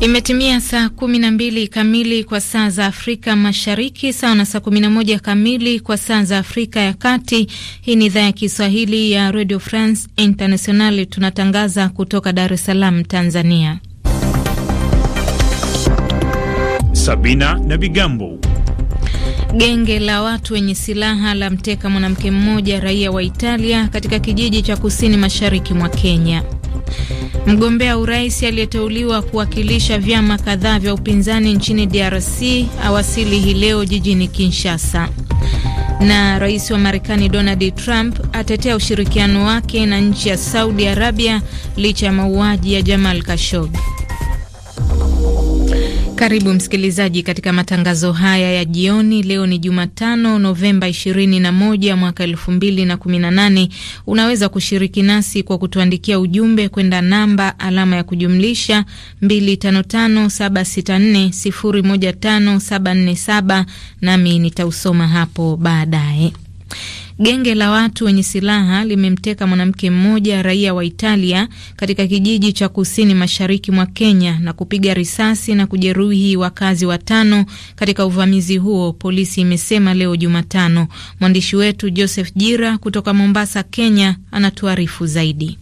Imetimia saa 12 kamili kwa saa za Afrika Mashariki, sawa na saa 11 kamili kwa saa za Afrika ya Kati. Hii ni idhaa ya Kiswahili ya Radio France Internationale, tunatangaza kutoka Dar es Salaam, Tanzania. Sabina na Bigambo. Genge la watu wenye silaha la mteka mwanamke mmoja raia wa Italia katika kijiji cha kusini mashariki mwa Kenya. Mgombea urais aliyeteuliwa kuwakilisha vyama kadhaa vya upinzani nchini DRC awasili hii leo jijini Kinshasa. Na rais wa Marekani Donald Trump atetea ushirikiano wake na nchi ya Saudi Arabia licha ya mauaji ya Jamal Khashoggi. Karibu msikilizaji katika matangazo haya ya jioni. Leo ni Jumatano, Novemba 21 mwaka 2018. Unaweza kushiriki nasi kwa kutuandikia ujumbe kwenda namba alama ya kujumlisha 255764015747, nami nitausoma hapo baadaye. Genge la watu wenye silaha limemteka mwanamke mmoja raia wa Italia katika kijiji cha kusini mashariki mwa Kenya na kupiga risasi na kujeruhi wakazi watano katika uvamizi huo, polisi imesema leo Jumatano. Mwandishi wetu Joseph Jira kutoka Mombasa, Kenya, anatuarifu zaidi.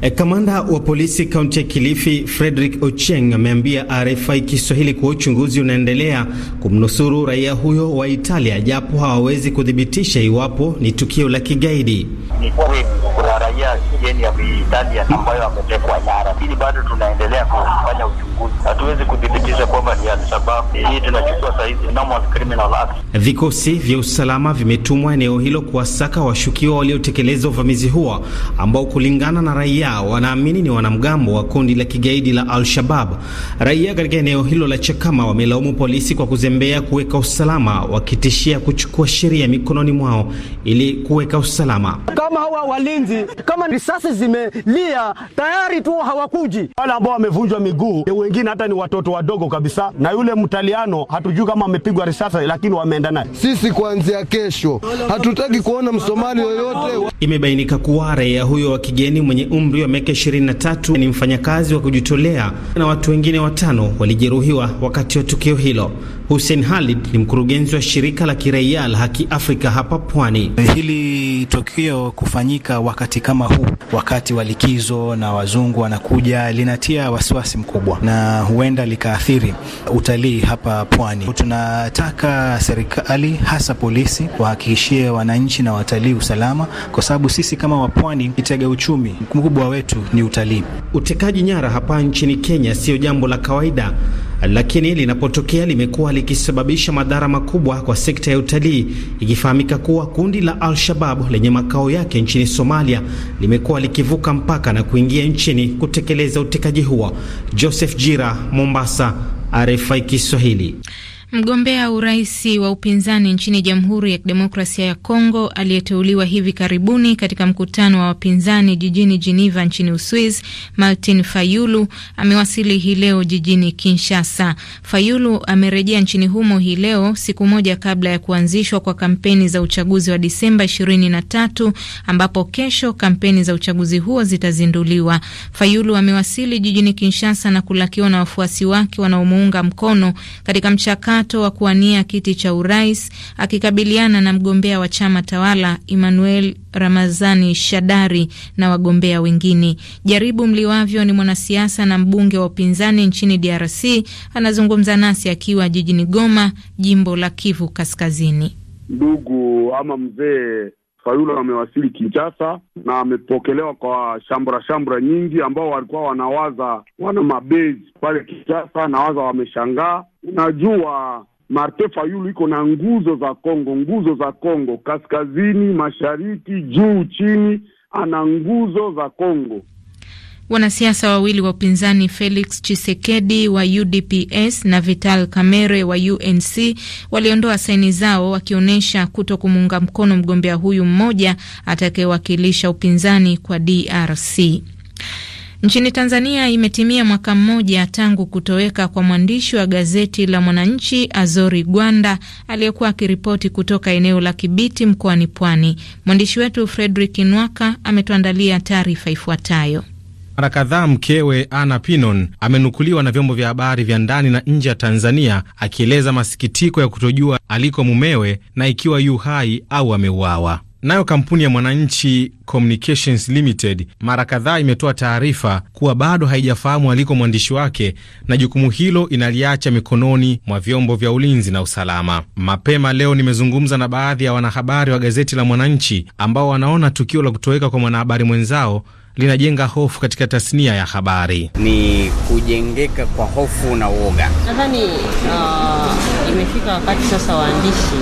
E, kamanda wa polisi kaunti ya Kilifi Frederick Ocheng ameambia RFI Kiswahili kuwa uchunguzi unaendelea kumnusuru raia huyo wa Italia, japo hawawezi kuthibitisha iwapo ni tukio la kigaidi. Ni kweli kuna raia kigeni ya Italia ambayo ametekwa nyara, lakini bado tunaendelea kufanya uchunguzi, hatuwezi kudhibitisha kusisitiza kwamba ni Alshababu hii tunachukua sahizi normal criminal act. Vikosi vya usalama vimetumwa eneo hilo kuwasaka washukiwa waliotekeleza uvamizi huo ambao kulingana na raia wanaamini ni wanamgambo wa kundi la kigaidi la Al-Shabab. Raia katika eneo hilo la Chakama wamelaumu polisi kwa kuzembea kuweka usalama, wakitishia kuchukua sheria mikononi mwao ili kuweka usalama. Kama hawa walinzi, kama risasi zimelia tayari tu hawakuji, wale ambao wamevunjwa miguu, wengine hata ni watoto wadogo kidogo kabisa, na yule mtaliano hatujui kama amepigwa risasi, lakini wameenda naye. Sisi kuanzia kesho hatutaki kuona msomali yoyote. Imebainika kuwa raia huyo wa kigeni mwenye umri wa miaka 23 ni mfanyakazi wa kujitolea na watu wengine watano walijeruhiwa wakati wa tukio hilo. Hussein halid ni mkurugenzi wa shirika la kiraia la Haki Afrika hapa Pwani. Hili hili tukio kufanyika wakati kama huu, wakati wa likizo na wazungu wanakuja, linatia wasiwasi mkubwa na huenda likaathiri utalii hapa pwani. Tunataka serikali hasa polisi wahakikishie wananchi na watalii usalama, kwa sababu sisi kama wapwani kitega uchumi mkubwa wetu ni utalii. Utekaji nyara hapa nchini Kenya sio jambo la kawaida lakini linapotokea limekuwa likisababisha madhara makubwa kwa sekta ya utalii, ikifahamika kuwa kundi la Al-Shabab lenye makao yake nchini Somalia limekuwa likivuka mpaka na kuingia nchini kutekeleza utekaji huo. Joseph Jira, Mombasa, RFI Kiswahili. Mgombea urais wa upinzani nchini Jamhuri ya Kidemokrasia ya Kongo aliyeteuliwa hivi karibuni katika mkutano wa wapinzani jijini Geneva nchini Uswiz, Martin Fayulu amewasili hii leo jijini Kinshasa. Fayulu amerejea nchini humo hii leo siku moja kabla ya kuanzishwa kwa kampeni za uchaguzi wa Disemba 23 ambapo kesho kampeni za uchaguzi huo zitazinduliwa. Fayulu amewasili jijini Kinshasa na kulakiwa na wafuasi wake wanaomuunga mkono katika mchakato mchakato wa kuwania kiti cha urais akikabiliana na mgombea wa chama tawala Emmanuel Ramazani Shadari na wagombea wengine. Jaribu Mliwavyo ni mwanasiasa na mbunge wa upinzani nchini DRC, anazungumza nasi akiwa jijini Goma, jimbo la Kivu Kaskazini. Ndugu ama mzee Fayulu amewasili Kinshasa na amepokelewa kwa shambura shambura nyingi, ambao walikuwa wanawaza wana mabezi pale Kinshasa na waza wameshangaa. Unajua, Martin Fayulu iko na nguzo za Kongo, nguzo za Kongo kaskazini, mashariki, juu, chini, ana nguzo za Kongo. Wanasiasa wawili wa upinzani Felix Chisekedi wa UDPS na Vital Kamerhe wa UNC waliondoa saini zao wakionyesha kuto kumuunga mkono mgombea huyu mmoja atakayewakilisha upinzani kwa DRC. Nchini Tanzania imetimia mwaka mmoja tangu kutoweka kwa mwandishi wa gazeti la Mwananchi Azori Gwanda aliyekuwa akiripoti kutoka eneo la Kibiti mkoani Pwani. Mwandishi wetu Fredrik Nwaka ametuandalia taarifa ifuatayo. Mara kadhaa mkewe ana Pinon amenukuliwa na vyombo vya habari vya ndani na nje ya Tanzania akieleza masikitiko ya kutojua aliko mumewe na ikiwa yu hai au ameuawa. Nayo kampuni ya Mwananchi Communications Limited mara kadhaa imetoa taarifa kuwa bado haijafahamu aliko mwandishi wake na jukumu hilo inaliacha mikononi mwa vyombo vya ulinzi na usalama. Mapema leo nimezungumza na baadhi ya wanahabari wa gazeti la Mwananchi ambao wanaona tukio la kutoweka kwa mwanahabari mwenzao linajenga hofu katika tasnia ya habari. Ni kujengeka kwa hofu na uoga. Nadhani uh, imefika wakati sasa waandishi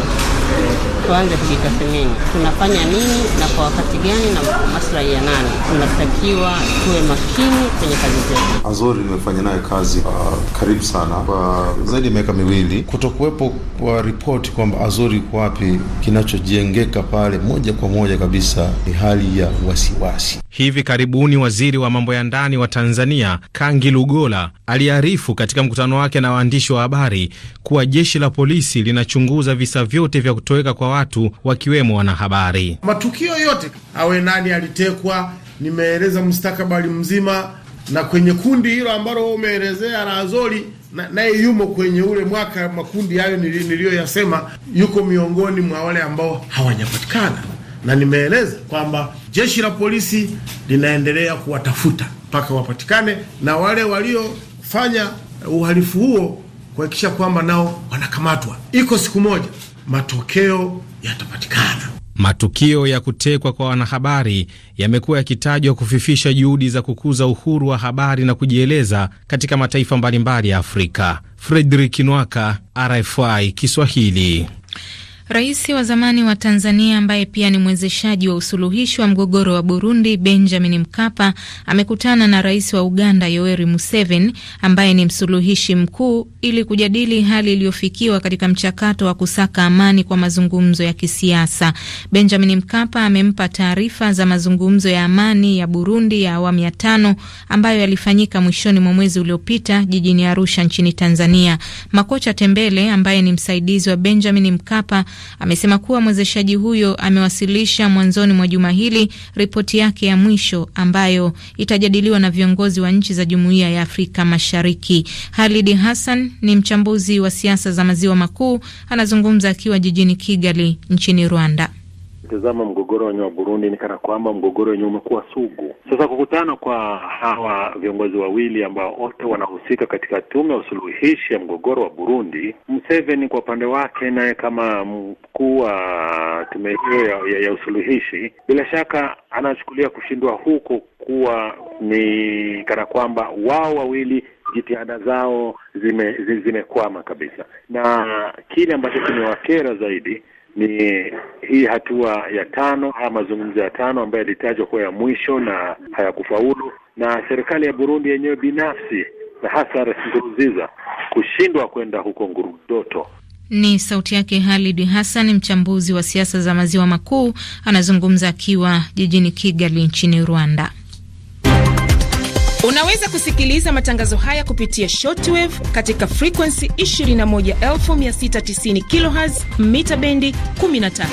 tuanze kujitathmini, tunafanya nini na kwa wakati gani na maslahi ya nani. Tunatakiwa tuwe makini kwenye kazi zetu. Azori nimefanya naye kazi uh, karibu sana kwa zaidi ya miaka miwili. Kutokuwepo kwa ripoti kwamba Azori iko wapi, kinachojengeka pale moja kwa moja kabisa ni hali ya wasiwasi Hivi karibuni waziri wa mambo ya ndani wa Tanzania Kangi Lugola aliarifu katika mkutano wake na waandishi wa habari kuwa jeshi la polisi linachunguza visa vyote vya kutoweka kwa watu wakiwemo wanahabari. Matukio yote awe nani alitekwa, nimeeleza mustakabali mzima, na kwenye kundi hilo ambalo umeelezea la Azori naye na yumo kwenye ule mwaka, makundi hayo niliyoyasema, yuko miongoni mwa wale ambao hawajapatikana, na nimeeleza kwamba jeshi la polisi linaendelea kuwatafuta mpaka wapatikane, na wale waliofanya uhalifu huo kuhakikisha kwamba nao wanakamatwa. Iko siku moja matokeo yatapatikana. Matukio ya kutekwa kwa wanahabari yamekuwa yakitajwa kufifisha juhudi za kukuza uhuru wa habari na kujieleza katika mataifa mbalimbali ya Afrika. Fredrik Nwaka, RFI Kiswahili. Rais wa zamani wa Tanzania ambaye pia ni mwezeshaji wa usuluhishi wa mgogoro wa Burundi, Benjamin Mkapa amekutana na rais wa Uganda Yoweri Museveni ambaye ni msuluhishi mkuu ili kujadili hali iliyofikiwa katika mchakato wa kusaka amani kwa mazungumzo ya kisiasa. Benjamin Mkapa amempa taarifa za mazungumzo ya amani ya Burundi ya awamu ya tano ambayo yalifanyika mwishoni mwa mwezi uliopita jijini Arusha nchini Tanzania. Makocha Tembele ambaye ni msaidizi wa Benjamin Mkapa amesema kuwa mwezeshaji huyo amewasilisha mwanzoni mwa juma hili ripoti yake ya mwisho ambayo itajadiliwa na viongozi wa nchi za Jumuiya ya Afrika Mashariki. Halidi Hassan ni mchambuzi wa siasa za Maziwa Makuu, anazungumza akiwa jijini Kigali nchini Rwanda kutizama mgogoro wenyewe wa Burundi ni kana kwamba mgogoro wenyewe umekuwa sugu. Sasa kukutana kwa hawa viongozi wawili ambao wote wanahusika katika tume ya usuluhishi ya mgogoro wa Burundi, Museveni kwa upande wake, naye kama mkuu wa tume hiyo ya, ya, ya usuluhishi, bila shaka anachukulia kushindwa huko kuwa ni kana kwamba wao wawili jitihada zao zimekwama zime kabisa, na kile ambacho kimewakera zaidi ni hii hatua ya tano, haya mazungumzo ya tano ambayo yalitajwa kuwa ya mwisho na hayakufaulu, na serikali ya Burundi yenyewe binafsi na hasa rasnguruziza kushindwa kwenda huko Ngurudoto. Ni sauti yake Halid Hassan, mchambuzi wa siasa za maziwa makuu, anazungumza akiwa jijini Kigali nchini Rwanda. Unaweza kusikiliza matangazo haya kupitia shortwave katika frekuensi 21690 kHz mita bendi 13.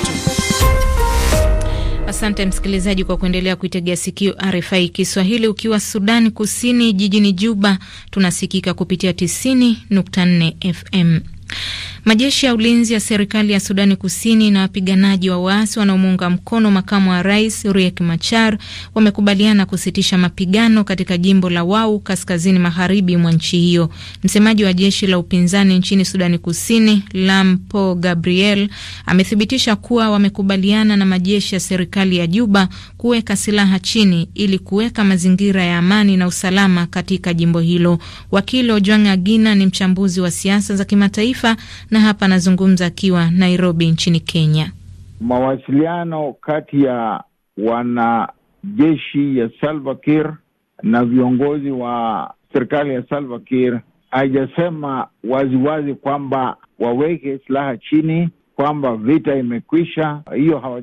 Asante msikilizaji kwa kuendelea kuitegea sikio RFI Kiswahili. Ukiwa Sudan Kusini, jijini Juba tunasikika kupitia 90.4 FM. Majeshi ya ulinzi ya serikali ya Sudani Kusini na wapiganaji wa waasi wanaomuunga mkono makamu wa rais Riek Machar wamekubaliana kusitisha mapigano katika jimbo la Wau, kaskazini magharibi mwa nchi hiyo. Msemaji wa jeshi la upinzani nchini Sudani Kusini, Lampo Gabriel, amethibitisha kuwa wamekubaliana na majeshi ya serikali ya Juba kuweka silaha chini ili kuweka mazingira ya amani na usalama katika jimbo hilo. Wakili Ojwang Agina ni mchambuzi wa siasa za kimataifa na hapa anazungumza akiwa Nairobi nchini Kenya. Mawasiliano kati ya wanajeshi ya Salva Kiir na viongozi wa serikali ya Salva Kiir haijasema waziwazi kwamba waweke silaha chini, kwamba vita imekwisha. Hiyo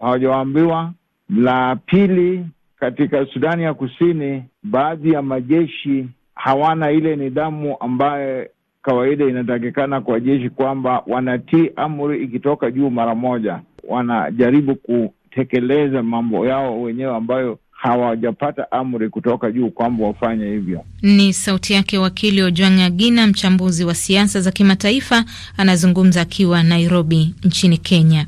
hawajawaambiwa, la pili, katika Sudani ya Kusini, baadhi ya majeshi hawana ile nidhamu ambayo kawaida inatakikana kwa jeshi, kwamba wanatii amri ikitoka juu mara moja. Wanajaribu kutekeleza mambo yao wenyewe ambayo hawajapata amri kutoka juu kwamba wafanye hivyo. Ni sauti yake wakili Ojwang Agina, mchambuzi wa siasa za kimataifa, anazungumza akiwa Nairobi nchini Kenya.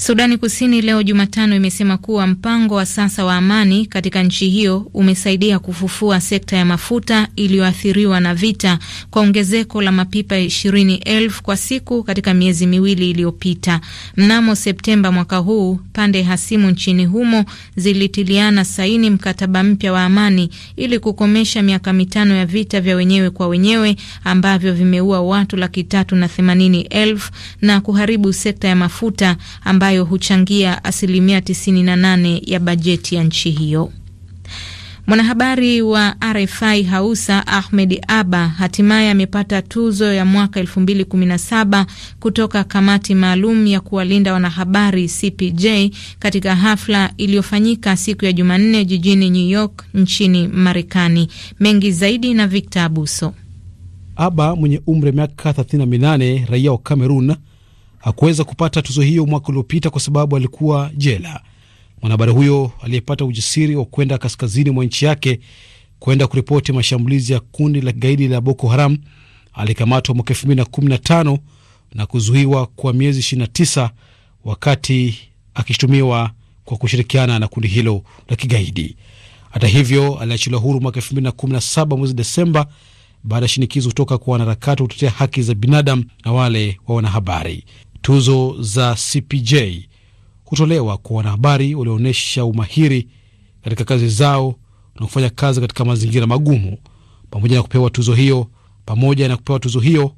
Sudani Kusini leo Jumatano imesema kuwa mpango wa sasa wa amani katika nchi hiyo umesaidia kufufua sekta ya mafuta iliyoathiriwa na vita kwa ongezeko la mapipa ishirini elfu kwa siku katika miezi miwili iliyopita. Mnamo Septemba mwaka huu, pande hasimu nchini humo zilitiliana saini mkataba mpya wa amani ili kukomesha miaka mitano ya vita vya wenyewe kwa wenyewe ambavyo vimeua watu laki tatu na themanini elfu na kuharibu sekta ya mafuta ambayo ambayo huchangia asilimia 98 ya bajeti ya nchi hiyo. Mwanahabari wa RFI Hausa Ahmed Aba hatimaye amepata tuzo ya mwaka 2017 kutoka kamati maalum ya kuwalinda wanahabari CPJ katika hafla iliyofanyika siku ya Jumanne jijini New York nchini Marekani. Mengi zaidi na Victor Abuso. Aba mwenye umri wa miaka 38, raia wa Kamerun hakuweza kupata tuzo hiyo mwaka uliopita kwa sababu alikuwa jela. Mwanahabari huyo aliyepata ujasiri wa kwenda kaskazini mwa nchi yake kwenda kuripoti mashambulizi ya kundi la kigaidi la Boko Haram alikamatwa mwaka 2015 na kuzuiwa kwa miezi 29 wakati akishutumiwa kwa kushirikiana na kundi hilo la kigaidi. Hata hivyo, aliachiliwa huru mwaka saba mwezi Desemba baada ya shinikizo kutoka kwa wanaharakati wa kutetea haki za binadamu na wale wa wanahabari. Tuzo za CPJ hutolewa kwa wanahabari walioonyesha umahiri katika kazi zao na kufanya kazi katika mazingira magumu. Pamoja na kupewa tuzo hiyo pamoja na kupewa tuzo hiyo,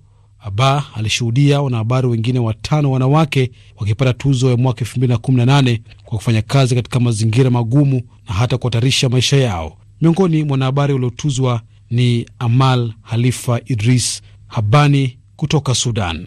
Aba alishuhudia wanahabari wengine watano wanawake wakipata tuzo ya mwaka nane kwa kufanya kazi katika mazingira magumu na hata kuhatarisha maisha yao. Miongoni mwa wanahabari waliotuzwa ni Amal Halifa Idris Habani kutoka Sudan.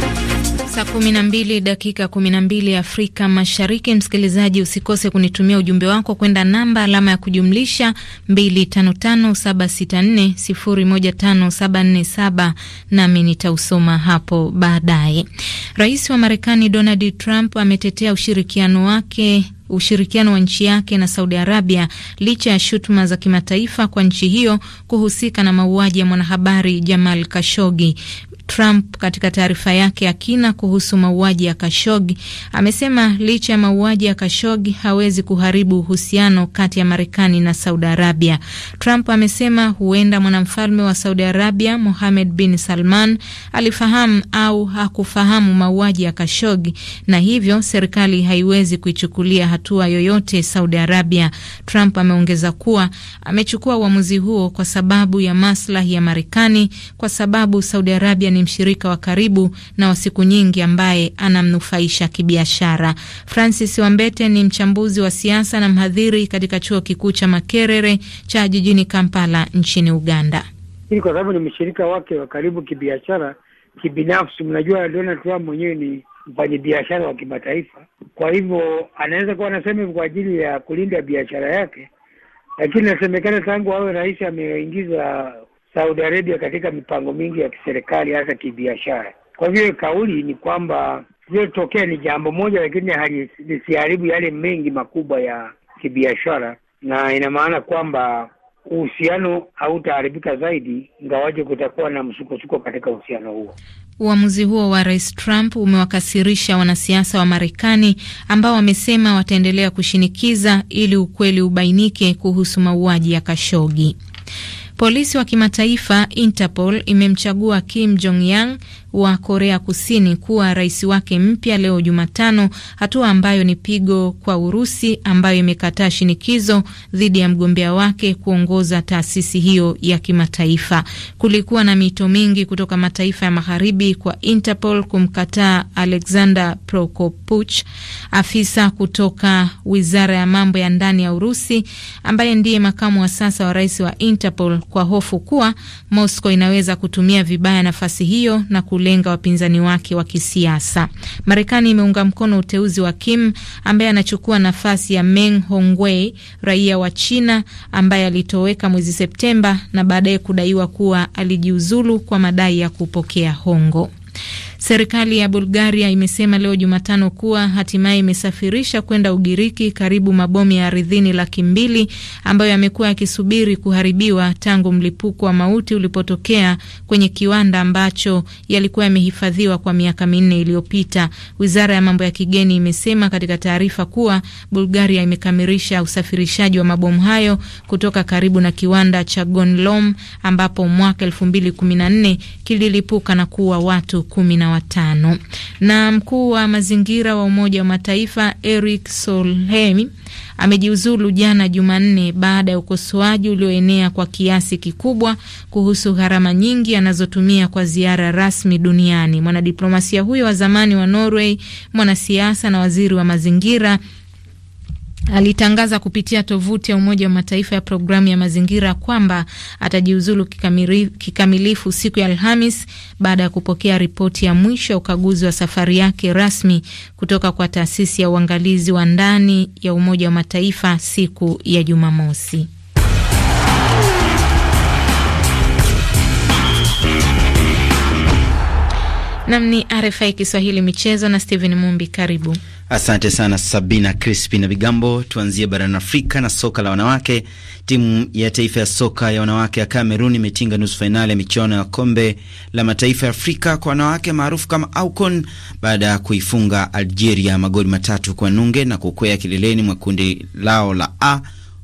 Saa 12 dakika 12 Afrika Mashariki. Msikilizaji, usikose kunitumia ujumbe wako kwenda namba alama ya kujumlisha 255764015747 nami nitausoma hapo baadaye. Rais wa Marekani Donald Trump ametetea ushirikiano wake ushirikiano wa nchi yake na Saudi Arabia licha ya shutuma za kimataifa kwa nchi hiyo kuhusika na mauaji ya mwanahabari Jamal Kashogi. Trump katika taarifa yake ya kina kuhusu mauaji ya Kashogi amesema licha ya mauaji ya Kashogi hawezi kuharibu uhusiano kati ya Marekani na Saudi Arabia. Trump amesema huenda mwanamfalme wa Saudi Arabia Mohamed bin Salman alifahamu au hakufahamu mauaji ya Kashogi na hivyo serikali haiwezi kuichukulia hatua yoyote Saudi Arabia. Trump ameongeza kuwa amechukua uamuzi huo kwa sababu ya maslahi ya Marekani, kwa sababu Saudi Arabia ni ni mshirika wa karibu na wa siku nyingi ambaye anamnufaisha kibiashara. Francis Wambete ni mchambuzi wa siasa na mhadhiri katika chuo kikuu cha Makerere cha jijini Kampala nchini Uganda. Hii kwa sababu ni mshirika wake wa karibu kibiashara, kibinafsi. Mnajua Donald Trump mwenyewe ni mfanyabiashara wa kimataifa, kwa hivyo anaweza kuwa anasema kwa ajili ya kulinda biashara yake, lakini inasemekana tangu awe rais ameingiza Saudi Arabia katika mipango mingi ya kiserikali hasa kibiashara. Kwa hivyo kauli ni kwamba iliyotokea ni jambo moja, lakini halisiharibu yale mengi makubwa ya kibiashara, na ina maana kwamba uhusiano hautaharibika zaidi, ingawaje kutakuwa na msukosuko katika uhusiano huo. Uamuzi huo wa Rais Trump umewakasirisha wanasiasa wa Marekani ambao wamesema wataendelea kushinikiza ili ukweli ubainike kuhusu mauaji ya Kashogi. Polisi wa kimataifa Interpol imemchagua Kim Jong Yang wa Korea Kusini kuwa rais wake mpya leo Jumatano, hatua ambayo ni pigo kwa Urusi ambayo imekataa shinikizo dhidi ya mgombea wake kuongoza taasisi hiyo ya kimataifa. Kulikuwa na mito mingi kutoka mataifa ya magharibi kwa Interpol kumkataa Alexander Prokopuch, afisa kutoka wizara ya mambo ya ndani ya Urusi ambaye ndiye makamu wa sasa wa rais wa Interpol, kwa hofu kuwa Moscow inaweza kutumia vibaya nafasi hiyo na kulenga wapinzani wake wa kisiasa. Marekani imeunga mkono uteuzi wa Kim ambaye anachukua nafasi ya Meng Hongwei, raia wa China ambaye alitoweka mwezi Septemba na baadaye kudaiwa kuwa alijiuzulu kwa madai ya kupokea hongo. Serikali ya Bulgaria imesema leo Jumatano kuwa hatimaye imesafirisha kwenda Ugiriki karibu mabomu ya ardhini laki mbili ambayo yamekuwa yakisubiri kuharibiwa tangu mlipuko wa mauti ulipotokea kwenye kiwanda ambacho yalikuwa yamehifadhiwa kwa miaka minne iliyopita. Wizara ya mambo ya kigeni imesema katika taarifa kuwa Bulgaria imekamilisha usafirishaji wa mabomu hayo kutoka karibu na kiwanda cha Gonlom ambapo mwaka 2014 kililipuka na kuua watu kumi na watano. Na mkuu wa mazingira wa Umoja wa Mataifa Eric Solheim amejiuzulu jana Jumanne baada ya ukosoaji ulioenea kwa kiasi kikubwa kuhusu gharama nyingi anazotumia kwa ziara rasmi duniani. Mwanadiplomasia huyo wa zamani wa Norway, mwanasiasa na waziri wa mazingira alitangaza kupitia tovuti ya Umoja wa Mataifa ya programu ya mazingira kwamba atajiuzulu kikamilifu siku ya Alhamis baada ya kupokea ripoti ya mwisho ya ukaguzi wa safari yake rasmi kutoka kwa taasisi ya uangalizi wa ndani ya Umoja wa Mataifa siku ya Jumamosi. Nam ni RFI Kiswahili michezo na Steven Mumbi, karibu. Asante sana Sabina Crispi na Bigambo. Tuanzie barani Afrika na soka la wanawake. Timu ya taifa ya soka ya wanawake ya Kamerun imetinga nusu fainali ya michuano ya kombe la mataifa ya Afrika kwa wanawake maarufu kama AUCON baada ya kuifunga Algeria magoli matatu kwa nunge na kukwea kileleni mwa kundi lao la A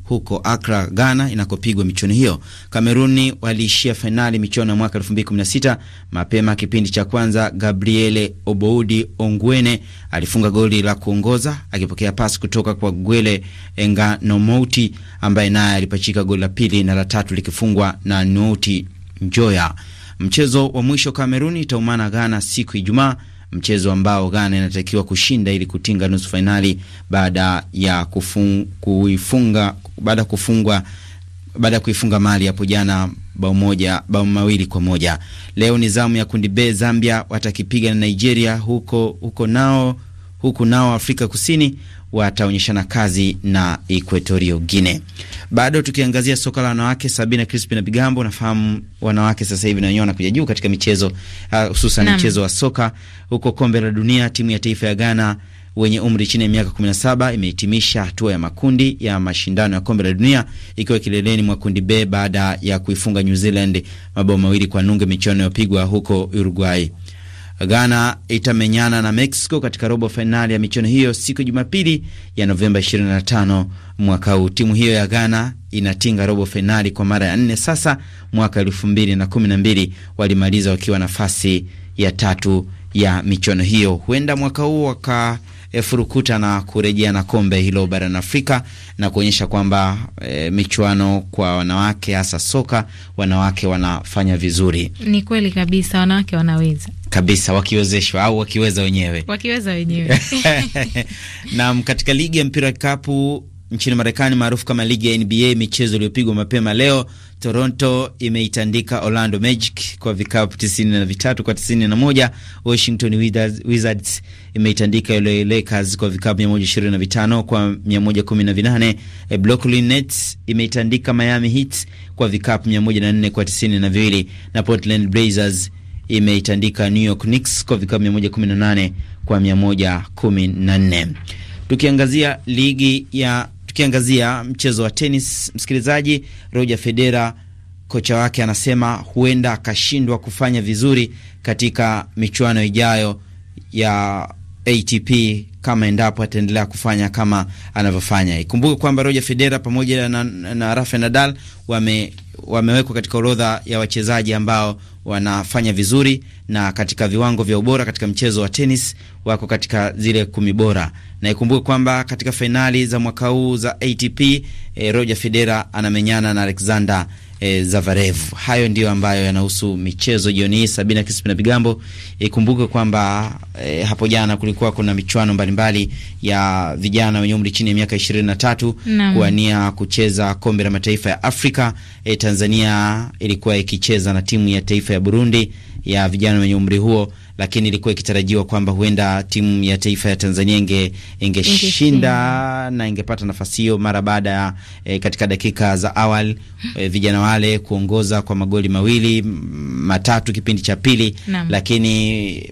huko Accra, Ghana, inakopigwa michuano hiyo. Kameruni waliishia fainali michuano ya mwaka 2016. Mapema kipindi cha kwanza, Gabriele Oboudi Ongwene alifunga goli la kuongoza akipokea pasi kutoka kwa Gwele Enganomouti ambaye naye alipachika goli la pili na la tatu likifungwa na Nouti Njoya. Mchezo wa mwisho Kameruni itaumana Ghana siku Ijumaa, mchezo ambao Ghana inatakiwa kushinda ili kutinga nusu fainali baada ya kuifunga baada ya kufungwa baada ya kuifunga Mali hapo jana bao moja bao mawili kwa moja. Leo ni zamu ya kundi B, Zambia watakipiga na Nigeria huko huko nao huku nao Afrika Kusini wataonyeshana kazi na Equatorio Guine. Bado tukiangazia soka la wanawake, Sabina Crispi na Bigambo, nafahamu wanawake sasa hivi na wenyewe wanakuja juu katika michezo ah, hususan uh, wa soka huko kombe la dunia. Timu ya taifa ya Ghana wenye umri chini ya miaka 17 imehitimisha hatua ya makundi ya mashindano ya kombe la dunia ikiwa kileleni mwa kundi B baada ya kuifunga New Zealand mabao mawili kwa nunge michuano iliyopigwa huko Uruguay. Ghana itamenyana na Mexico katika robo fainali ya michuano hiyo siku ya Jumapili ya Novemba 25 mwaka huu. Timu hiyo ya Ghana inatinga robo fainali kwa mara ya nne sasa. Mwaka 2012 walimaliza wakiwa nafasi ya tatu ya michuano hiyo. Huenda mwaka huu waka e, furukuta na kurejea na kombe hilo barani Afrika na kuonyesha kwamba e, michuano kwa wanawake hasa soka wanawake wanafanya vizuri. Ni kweli kabisa, wanawake wanaweza kabisa wakiwezeshwa au wakiweza wenyewe, wakiweza wenyewe. Naam, katika ligi ya mpira wa kikapu nchini Marekani maarufu kama ligi ya NBA, michezo iliyopigwa mapema leo Toronto imeitandika Orlando Magic kwa vikapu tisini na vitatu kwa tisini na moja Washington Wizards, imeitandika LA Lakers kwa vikapu ishirini na vitano kwa kumi vinane. E, Brooklyn Nets imeitandika Miami Heat kwa vikapu nne kwa tisini na Portland Blazers imeitandika New York Knicks kwa vikapu nane kwa nne. Tukiangazia ligi ya Tukiangazia mchezo wa tenis, msikilizaji, Roger Federer kocha wake anasema huenda akashindwa kufanya vizuri katika michuano ijayo ya ATP kama endapo ataendelea kufanya kama anavyofanya. Ikumbuke kwamba Roger Federer pamoja na, na Rafael Nadal wame, wamewekwa katika orodha ya wachezaji ambao wanafanya vizuri na katika viwango vya ubora katika mchezo wa tenis wako katika zile kumi bora, na ikumbuke kwamba katika fainali za mwaka huu za ATP eh, Roger Federer anamenyana na Alexander e, Zavarev. Hayo ndio ambayo yanahusu michezo jioni hii. Sabina Kispina Bigambo, ikumbuke e, kwamba e, hapo jana kulikuwa kuna michuano mbalimbali ya vijana wenye umri chini ya miaka 23 kuania kucheza kombe la mataifa ya Afrika. E, Tanzania ilikuwa ikicheza na timu ya taifa ya Burundi ya vijana wenye umri huo, lakini ilikuwa ikitarajiwa kwamba huenda timu ya taifa ya Tanzania inge ingeshinda na ingepata nafasi hiyo mara baada ya e, katika dakika za awali e, vijana wale kuongoza kwa magoli mawili matatu kipindi cha pili, lakini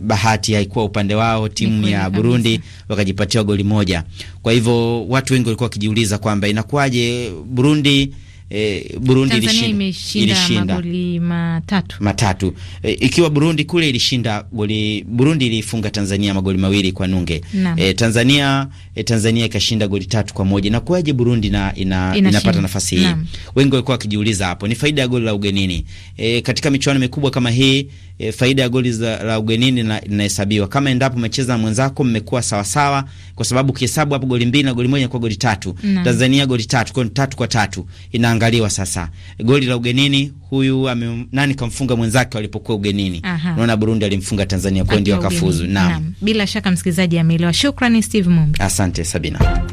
bahati haikuwa upande wao. Timu ya Burundi wakajipatia goli moja. Kwa hivyo watu wengi walikuwa wakijiuliza kwamba inakuwaje Burundi e, Burundi Tanzania ilishinda, magoli matatu, matatu. E, ikiwa Burundi kule ilishinda goli, Burundi ilifunga Tanzania magoli mawili kwa nunge e, Tanzania e, Tanzania ikashinda goli tatu kwa moja na kuwaje Burundi na, ina, inapata nafasi hii? Wengi walikuwa wakijiuliza hapo ni faida ya goli la ugenini e, katika michuano mikubwa kama hii e, faida ya goli za, la ugenini inahesabiwa kama endapo umecheza na mwenzako mmekuwa sawasawa, kwa sababu ukihesabu hapo goli mbili na goli moja kwa goli tatu na. Tanzania goli tatu kwa tatu kwa tatu inaangaliwa sasa. Goli la ugenini huyu ame, nani kamfunga mwenzake walipokuwa ugenini. Unaona Burundi alimfunga Tanzania kwa ndio akafuzu. Naam, bila shaka msikilizaji ameelewa. Shukrani Steve Mumbi, asante Sabina.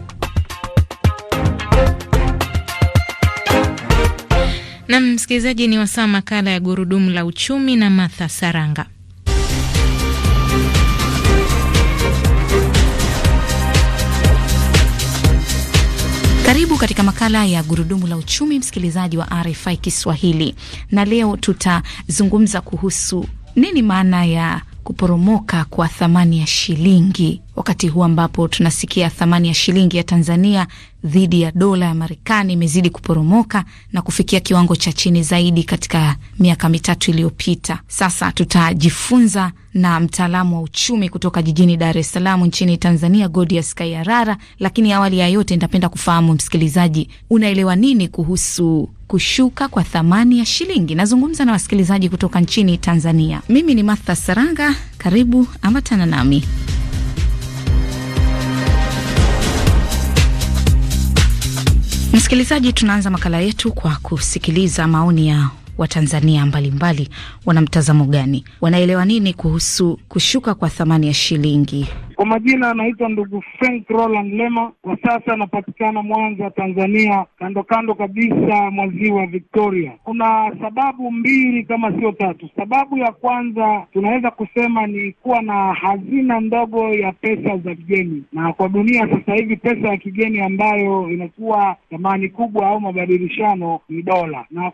nam msikilizaji, ni wasaa makala ya gurudumu la uchumi na Martha Saranga. Karibu katika makala ya gurudumu la uchumi, msikilizaji wa RFI Kiswahili, na leo tutazungumza kuhusu nini maana ya kuporomoka kwa thamani ya shilingi wakati huu ambapo tunasikia thamani ya shilingi ya Tanzania dhidi ya dola ya Marekani imezidi kuporomoka na kufikia kiwango cha chini zaidi katika miaka mitatu iliyopita. Sasa tutajifunza na mtaalamu wa uchumi kutoka jijini Dar es Salaam nchini Tanzania, Godias Kayarara. Lakini awali ya yote, nitapenda kufahamu msikilizaji, unaelewa nini kuhusu kushuka kwa thamani ya shilingi? Nazungumza na wasikilizaji kutoka nchini Tanzania. Mimi ni Martha Saranga, karibu ambatana nami. Msikilizaji, tunaanza makala yetu kwa kusikiliza maoni ya Watanzania mbalimbali. Wana mtazamo gani? Wanaelewa nini kuhusu kushuka kwa thamani ya shilingi kwa majina anaitwa ndugu Frank Roland Lema, kwa sasa anapatikana Mwanza, Tanzania, kando kando kabisa mwa ziwa Victoria. Kuna sababu mbili kama sio tatu. Sababu ya kwanza tunaweza kusema ni kuwa na hazina ndogo ya pesa za kigeni, na kwa dunia sasa hivi pesa ya kigeni ambayo inakuwa thamani kubwa au mabadilishano ni dola, na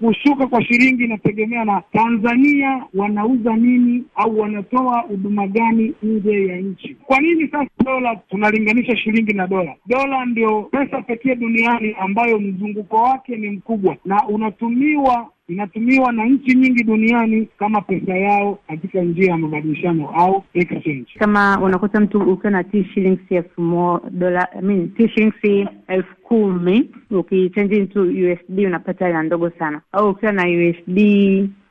kushuka kwa shilingi inategemea na Tanzania wanauza nini au wanatoa huduma gani nje ya ya nchi. Kwa nini sasa dola tunalinganisha shilingi na dola? Dola ndio pesa pekee duniani ambayo mzunguko wake ni mkubwa na unatumiwa inatumiwa na nchi nyingi duniani kama pesa yao katika njia ya mabadilishano au exchange. Kama unakuta mtu ukiwa na t elfu dola elfu kumi ukichange into USD unapata hela ndogo sana, au ukiwa na USD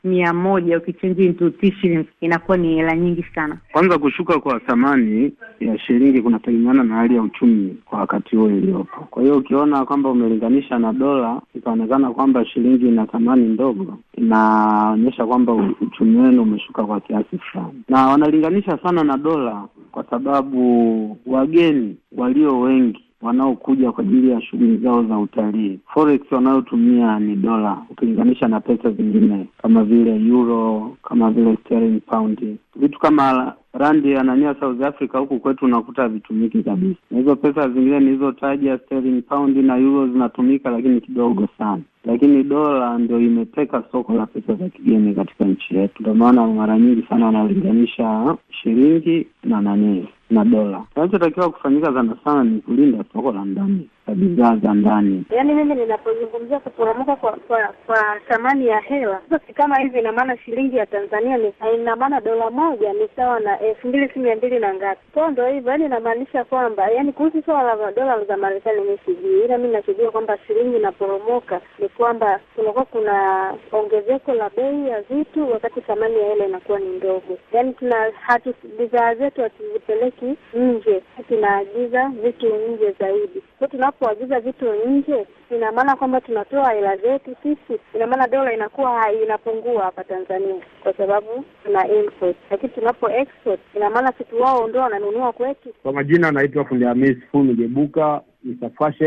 mia moja ukichenji into shillings inakuwa ni hela nyingi sana. Kwanza, kushuka kwa thamani ya shilingi kunategemeana na hali ya uchumi kwa wakati huo iliyopo. Kwa hiyo ukiona kwamba umelinganisha na dola ikaonekana kwamba shilingi ina thamani ndogo, inaonyesha kwamba uchumi wenu umeshuka kwa kiasi fulani, na wanalinganisha sana na dola kwa sababu wageni walio wengi wanaokuja kwa ajili ya shughuli zao za utalii. Forex wanayotumia ni dola ukilinganisha na pesa zingine kama vile euro, kama vile sterling pound, vitu kama randi ya nania South Africa huku kwetu unakuta vitumiki kabisa, na hizo pesa zingine nilizotaja sterling pound na euro zinatumika, lakini kidogo sana. Lakini dola ndio imeteka soko la pesa za kigeni katika nchi yetu, ndio maana mara nyingi sana wanalinganisha shilingi na nanii na dola. Kinachotakiwa kufanyika sana sana ni kulinda soko la ndani bidhaa za ndani. Yaani mimi ninapozungumzia kuporomoka kwa kwa kwa thamani ya hela, si kama hivi, ina maana shilingi ya Tanzania ni ina maana dola moja ni sawa na elfu mbili si mia mbili na ngapi? Kwa ndo hivyo, yaani inamaanisha kwamba yaani kuhusu swala la dola za Marekani mi sijui, ila mi nachojua kwamba shilingi inaporomoka ni kwamba kunakuwa kuna ongezeko la bei ya vitu, wakati thamani ya hela inakuwa ni ndogo. Yaani tuna hatu bidhaa zetu hatuzipeleki nje, tunaagiza vitu nje zaidi kwa tunapoagiza vitu nje, ina maana kwamba tunatoa hela zetu sisi, ina maana dola inakuwa inapungua hapa Tanzania kwa sababu tuna import, lakini tunapo export ina maana sisi wao ndio wananunua kwetu. Kwa majina anaitwa Fundi Hamisi Fumi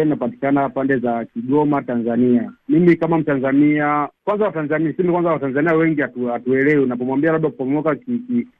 napatikana pande za Kigoma, Tanzania. Mimi kama Mtanzania kwanza, Watanzania simi kwanza, Watanzania wengi hatuelewi unapomwambia labda kuporomoka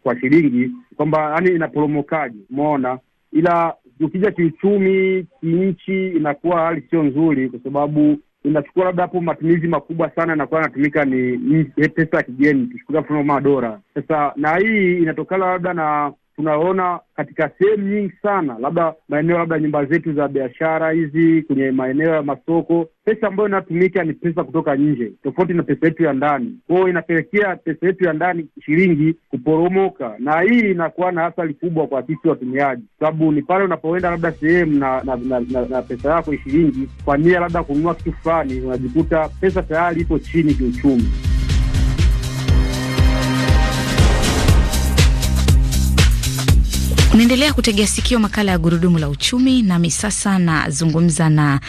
kwa shilingi kwamba yani inaporomokaji umeona ila ukija kiuchumi, kinchi inakuwa hali sio nzuri, kwa sababu inachukua labda hapo matumizi makubwa sana yanakuwa yanatumika ni, ni pesa ya kigeni, tuchukulia mfano kama dola. Sasa na hii inatokana labda na tunaona katika sehemu nyingi sana, labda maeneo labda nyumba zetu za biashara hizi, kwenye maeneo ya masoko, pesa ambayo inatumika ni pesa kutoka nje, tofauti na pesa yetu ya ndani. Kwao inapelekea pesa yetu ya ndani shilingi kuporomoka, na hii inakuwa na athari kubwa kwa sisi watumiaji, sababu ni pale unapoenda labda sehemu na na, na, na na pesa yako shilingi kwa nia labda kununua kitu fulani, unajikuta pesa tayari ipo chini kiuchumi. Unaendelea kutegea sikio makala ya gurudumu la uchumi, nami sasa nazungumza na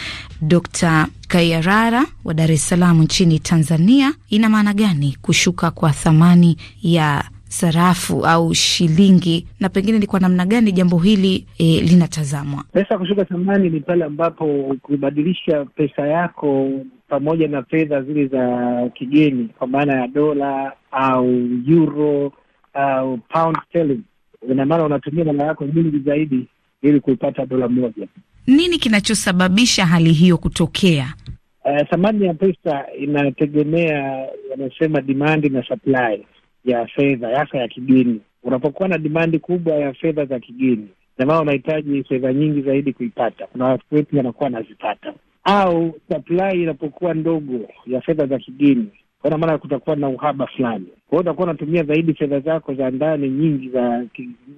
Dr. Kayarara wa Dar es Salaam nchini Tanzania. Ina maana gani kushuka kwa thamani ya sarafu au shilingi, na pengine ni kwa namna gani jambo hili e, linatazamwa? Pesa kushuka thamani ni pale ambapo kubadilisha pesa yako pamoja na fedha zile za kigeni, kwa maana ya dola au euro au pound sterling ina maana unatumia hela yako nyingi zaidi ili kuipata dola moja. Nini kinachosababisha hali hiyo kutokea? Uh, thamani ya pesa inategemea, wanasema dimandi na supply ya fedha, hasa ya kigeni. Unapokuwa na dimandi kubwa ya fedha za kigeni, namaa unahitaji fedha nyingi zaidi kuipata. Kuna watu wetu wanakuwa wanazipata, au supply inapokuwa ndogo ya fedha za kigeni, kwa ina maana kutakuwa na uhaba fulani. Kwa hiyo utakuwa unatumia zaidi fedha zako za ndani nyingi za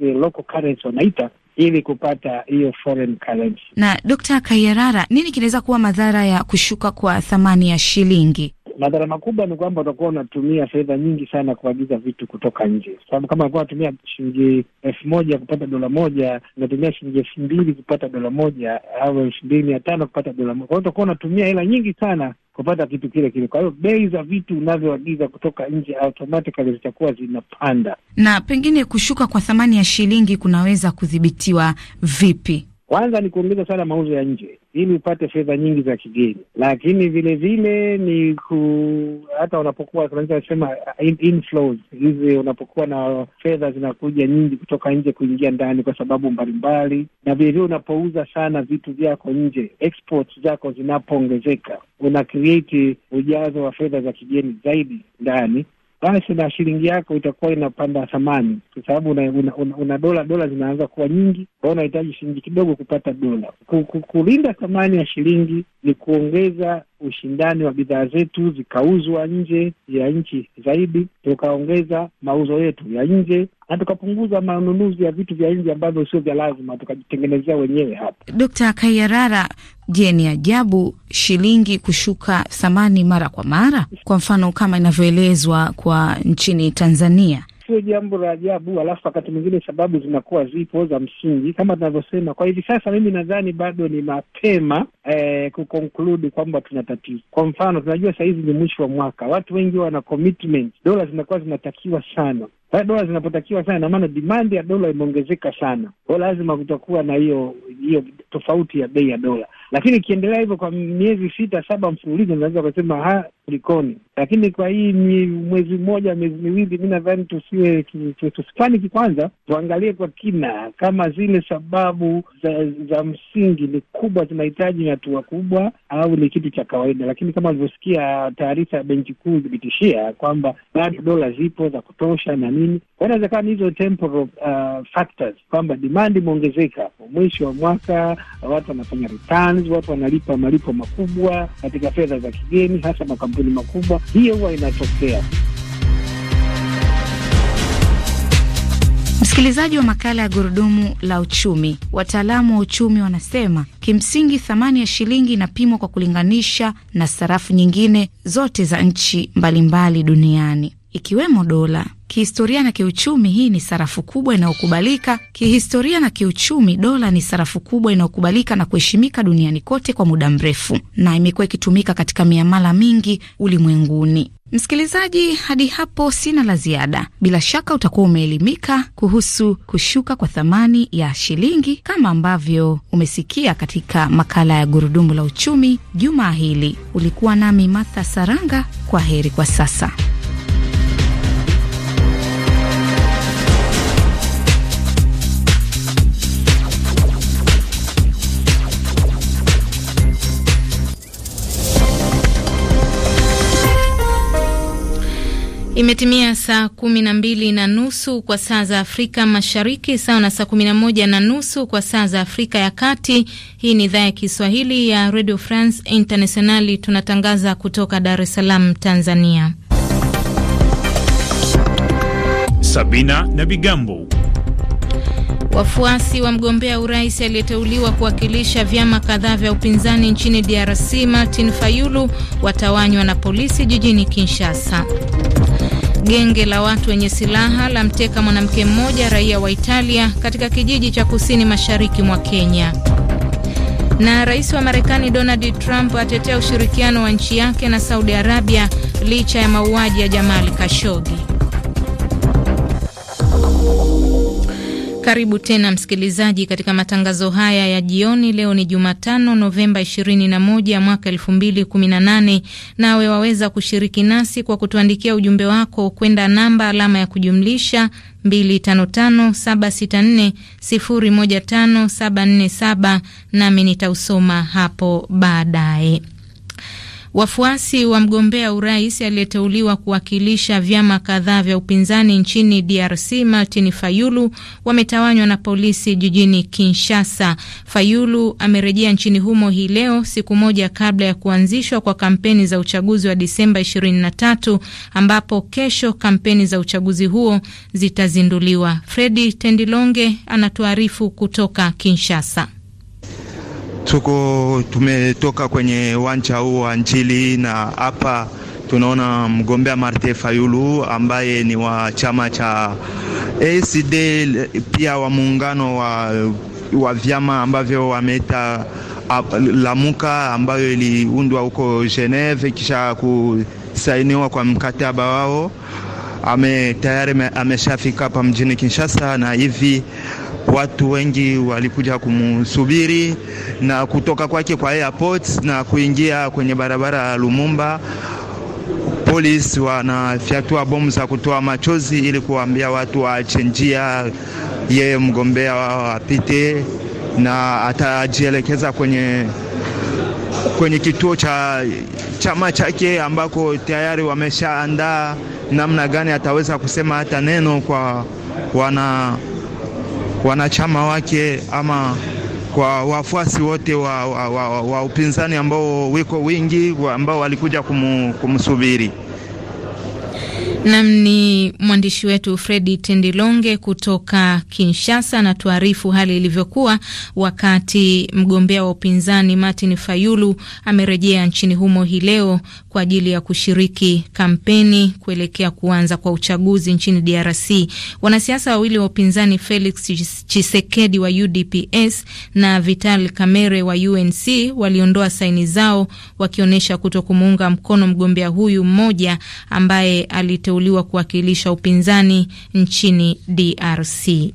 local currency wanaita ili kupata hiyo foreign currency. Na Dkt. Kayarara, nini kinaweza kuwa madhara ya kushuka kwa thamani ya shilingi? madhara makubwa ni kwamba utakuwa unatumia fedha nyingi sana kuagiza vitu kutoka nje, sababu kama alikuwa unatumia shilingi elfu moja kupata dola moja, unatumia shilingi elfu mbili kupata dola moja au elfu mbili mia tano kupata dola moja. Kwa hiyo utakuwa unatumia hela nyingi sana kupata kitu kile kile. Kwa hiyo bei za vitu unavyoagiza kutoka nje automatically zitakuwa zinapanda. Na pengine kushuka kwa thamani ya shilingi kunaweza kudhibitiwa vipi? Kwanza ni kuongeza sana mauzo ya nje ili upate fedha nyingi za kigeni, lakini vilevile ni ku, hata unapokuwa tunaweza sema uh, inflows hizi, unapokuwa na fedha zinakuja nyingi kutoka nje kuingia ndani kwa sababu mbalimbali, na vilevile unapouza sana vitu vyako nje, exports zako zinapoongezeka, una create ujazo wa fedha za kigeni zaidi ndani basi na shilingi yako itakuwa inapanda thamani, kwa sababu una, una, una, una dola dola zinaanza kuwa nyingi, kwao unahitaji shilingi kidogo kupata dola. Kulinda thamani ya shilingi ni kuongeza ushindani wa bidhaa zetu zikauzwa nje ya nchi zaidi, tukaongeza mauzo yetu ya nje na tukapunguza manunuzi ya vitu vya nje ambavyo sio vya lazima, tukajitengenezea wenyewe hapa. Dkt. Kayarara, je, ni ajabu shilingi kushuka thamani mara kwa mara, kwa mfano kama inavyoelezwa kwa nchini Tanzania? Sio jambo la ajabu, alafu wakati mwingine sababu zinakuwa zipo za msingi kama tunavyosema. Kwa hivi sasa, mimi nadhani bado ni mapema eh, kukonkludi kwamba tuna tatizo. Kwa mfano, tunajua sahizi ni mwisho wa mwaka, watu wengi wana commitment, dola zinakuwa zinatakiwa sana. Eh, dola zinapotakiwa sana, maana demand ya dola imeongezeka sana, kwa lazima kutakuwa na hiyo hiyo tofauti ya bei ya dola. Lakini ikiendelea hivyo kwa miezi sita saba mfululizo, naweza kusema likoni Lakini kwa hii ni mwezi mmoja miezi miwili, mi nadhani tusiwe tusipaniki, kwanza tuangalie kwa kina kama zile sababu za, za msingi ni kubwa zinahitaji hatua kubwa au ni kitu cha kawaida, lakini kama alivyosikia taarifa ya benki kuu ilithibitishia kwamba bado dola zipo za kutosha na nini, inawezekana hizo temporal uh, factors kwamba demand imeongezeka mwisho wa mwaka, watu wanafanya returns, watu wanalipa malipo makubwa katika fedha za kigeni, hasa makampuni makubwa. Hiyo huwa inatokea. Msikilizaji wa makala ya gurudumu la uchumi, wataalamu wa uchumi wanasema kimsingi thamani ya shilingi inapimwa kwa kulinganisha na sarafu nyingine zote za nchi mbalimbali duniani ikiwemo dola. Kihistoria na kiuchumi, hii ni sarafu kubwa inayokubalika kihistoria na kiuchumi. Dola ni sarafu kubwa inayokubalika na kuheshimika duniani kote kwa muda mrefu, na imekuwa ikitumika katika miamala mingi ulimwenguni. Msikilizaji, hadi hapo sina la ziada. Bila shaka utakuwa umeelimika kuhusu kushuka kwa thamani ya shilingi, kama ambavyo umesikia katika makala ya Gurudumu la Uchumi juma hili. Ulikuwa nami Martha Saranga. Kwa heri kwa sasa. Imetimia saa kumi na mbili na nusu kwa saa za Afrika Mashariki, sawa na saa kumi na moja na nusu kwa saa za Afrika ya Kati. Hii ni idhaa ya Kiswahili ya Radio France Internationali, tunatangaza kutoka Dar es Salaam, Tanzania. Sabina na Bigambo. Wafuasi wa mgombea urais aliyeteuliwa kuwakilisha vyama kadhaa vya upinzani nchini DRC Martin Fayulu watawanywa na polisi jijini Kinshasa. Genge la watu wenye silaha la mteka mwanamke mmoja raia wa Italia katika kijiji cha kusini mashariki mwa Kenya. Na rais wa Marekani Donald Trump atetea ushirikiano wa nchi yake na Saudi Arabia licha ya mauaji ya Jamal Khashoggi. Karibu tena msikilizaji, katika matangazo haya ya jioni. Leo ni Jumatano, Novemba 21 mwaka 2018. Nawe waweza kushiriki nasi kwa kutuandikia ujumbe wako kwenda namba alama ya kujumlisha 255764015747, nami nitausoma hapo baadaye. Wafuasi wa mgombea urais aliyeteuliwa kuwakilisha vyama kadhaa vya upinzani nchini DRC Martin Fayulu wametawanywa na polisi jijini Kinshasa. Fayulu amerejea nchini humo hii leo, siku moja kabla ya kuanzishwa kwa kampeni za uchaguzi wa Disemba 23, ambapo kesho kampeni za uchaguzi huo zitazinduliwa. Fredi Tendilonge anatuarifu kutoka Kinshasa tuko tumetoka kwenye uwanja huu wa Njili na hapa tunaona mgombea Marte Fayulu ambaye ni wa chama cha ACD pia wa muungano wa, wa vyama ambavyo wameita uh, Lamuka ambayo iliundwa huko Geneve kisha kusainiwa kwa mkataba wao. Ame tayari ameshafika hapa mjini Kinshasa na hivi watu wengi walikuja kumsubiri na kutoka kwake kwa airport na kuingia kwenye barabara ya Lumumba. Polisi wanafyatua bomu za kutoa machozi ili kuambia watu waache njia, yeye mgombea wao apite, na atajielekeza kwenye kwenye kituo cha chama chake ambako tayari wameshaandaa namna gani ataweza kusema hata neno kwa wana wanachama wake ama kwa wafuasi wote wa, wa, wa, wa upinzani ambao wiko wingi ambao walikuja kumsubiri. Nam ni mwandishi wetu Fredi Tendilonge kutoka Kinshasa tuarifu hali ilivyokuwa wakati mgombea wa upinzani Martin Fayulu amerejea nchini humo hii leo kwa ajili ya kushiriki kampeni kuelekea kuanza kwa uchaguzi nchini DRC. Wanasiasa wawili wa upinzani Felix chisekedi wa UDPS na Vital Kamerhe wa UNC waliondoa saini zao wakionyesha kuto kumuunga mkono mgombea huyu mmoja ambaye aliteuliwa kuwakilisha upinzani nchini DRC.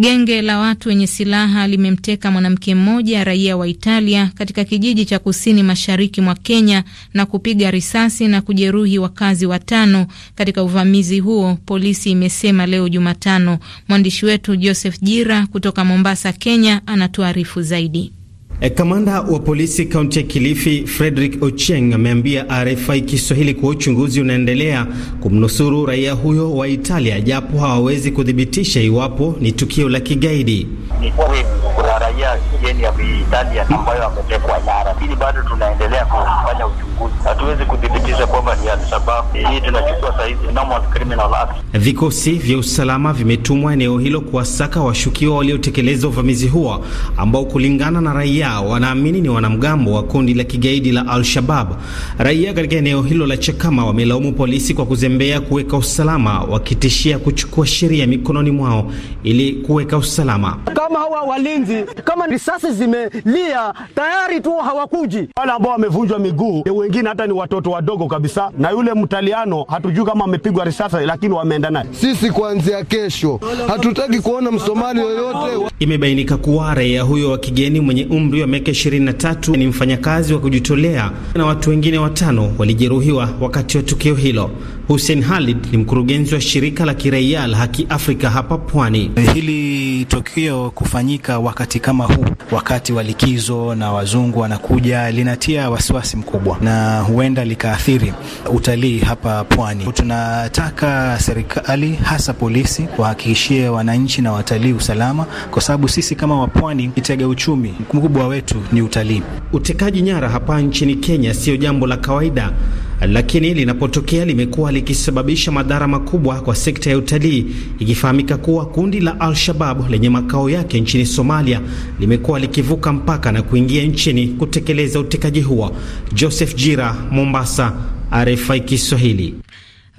Genge la watu wenye silaha limemteka mwanamke mmoja raia wa Italia katika kijiji cha kusini mashariki mwa Kenya na kupiga risasi na kujeruhi wakazi watano katika uvamizi huo, polisi imesema leo Jumatano. Mwandishi wetu Joseph Jira kutoka Mombasa, Kenya, anatuarifu zaidi. E, kamanda wa polisi kaunti ya Kilifi Frederick Ocheng ameambia RFI Kiswahili kuwa uchunguzi unaendelea kumnusuru raia huyo wa Italia, japo hawawezi kuthibitisha iwapo ni tukio la kigaidi jeni ya Italia ambayo ametekwa nyara, lakini bado tunaendelea kufanya uchunguzi. Hatuwezi kudhibitisha kwamba ni Addis Ababa. Hii tunachukua sahizi normal criminal act. Vikosi vya usalama vimetumwa eneo hilo kuwasaka washukiwa waliotekeleza uvamizi huo ambao kulingana na raia wanaamini ni wanamgambo wa kundi la kigaidi la Al-Shabab. Raia katika eneo hilo la Chakama wamelaumu polisi kwa kuzembea kuweka usalama, wakitishia kuchukua sheria mikononi mwao ili kuweka usalama kama hawa walinzi kama risasi zimelia tayari tu hawakuji. Wale ambao wamevunjwa miguu eh, wengine hata ni watoto wadogo kabisa, na yule mtaliano hatujui kama amepigwa risasi, lakini wameenda naye. Sisi kuanzia kesho hatutaki kuona msomali yoyote. Imebainika kuwa raia huyo wa kigeni mwenye umri wa miaka 23 ni mfanyakazi wa kujitolea na watu wengine watano walijeruhiwa wakati wa tukio hilo. Hussein halid ni mkurugenzi wa shirika la kiraia la Haki Afrika hapa Pwani. Hili hili tukio kufanyika wakati kama huu, wakati wa likizo na wazungu wanakuja, linatia wasiwasi mkubwa na huenda likaathiri utalii hapa pwani. Tunataka serikali hasa polisi wahakikishie wananchi na watalii usalama, kwa sababu sisi kama wapwani kitega uchumi mkubwa wetu ni utalii. Utekaji nyara hapa nchini Kenya sio jambo la kawaida lakini linapotokea limekuwa likisababisha madhara makubwa kwa sekta ya utalii, ikifahamika kuwa kundi la Al-Shabab lenye makao yake nchini Somalia limekuwa likivuka mpaka na kuingia nchini kutekeleza utekaji huo. Joseph Jira, Mombasa, RFI Kiswahili.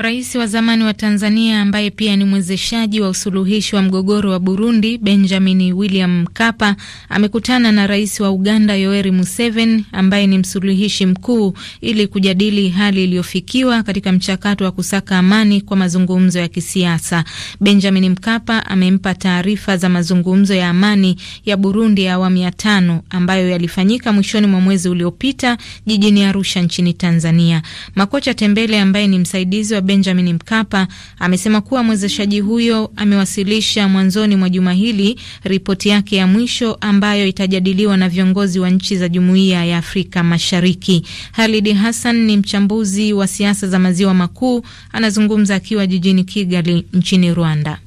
Rais wa zamani wa Tanzania ambaye pia ni mwezeshaji wa usuluhishi wa mgogoro wa Burundi, Benjamin William Mkapa amekutana na rais wa Uganda Yoweri Museveni ambaye ni msuluhishi mkuu ili kujadili hali iliyofikiwa katika mchakato wa kusaka amani kwa mazungumzo ya kisiasa. Benjamin Mkapa amempa taarifa za mazungumzo ya amani ya Burundi ya awamu ya tano ambayo yalifanyika mwishoni mwa mwezi uliopita jijini Arusha nchini Tanzania. Makocha Tembele ambaye ni msaidizi wa Benjamin Mkapa amesema kuwa mwezeshaji huyo amewasilisha mwanzoni mwa juma hili ripoti yake ya mwisho ambayo itajadiliwa na viongozi wa nchi za Jumuiya ya Afrika Mashariki. Halidi Hassan ni mchambuzi wa siasa za Maziwa Makuu, anazungumza akiwa jijini Kigali nchini Rwanda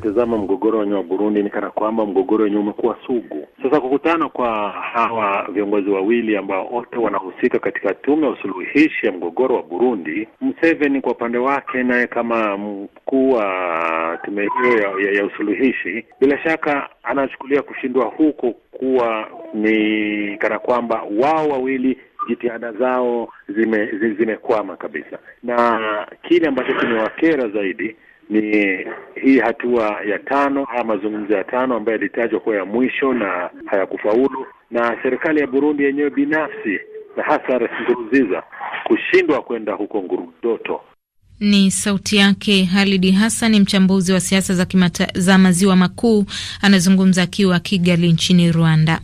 ukitizama mgogoro wenyewe wa Burundi ni kana kwamba mgogoro wenyewe umekuwa sugu. Sasa kukutana kwa hawa viongozi wawili ambao wote wanahusika katika tume ya usuluhishi ya mgogoro wa Burundi, Museveni kwa upande wake, naye kama mkuu wa tume hiyo ya, ya, ya usuluhishi, bila shaka anachukulia kushindwa huko kuwa ni kana kwamba wao wawili jitihada zao zimekwama zime kabisa, na kile ambacho kimewakera zaidi ni hii hatua ya tano, haya mazungumzo ya tano ambayo yalitajwa kuwa ya mwisho na hayakufaulu, na serikali ya Burundi yenyewe binafsi na hasa Rais Nkurunziza kushindwa kwenda huko Ngurudoto. Ni sauti yake Halidi Hassan, mchambuzi wa siasa za, za maziwa makuu, anazungumza akiwa Kigali nchini Rwanda.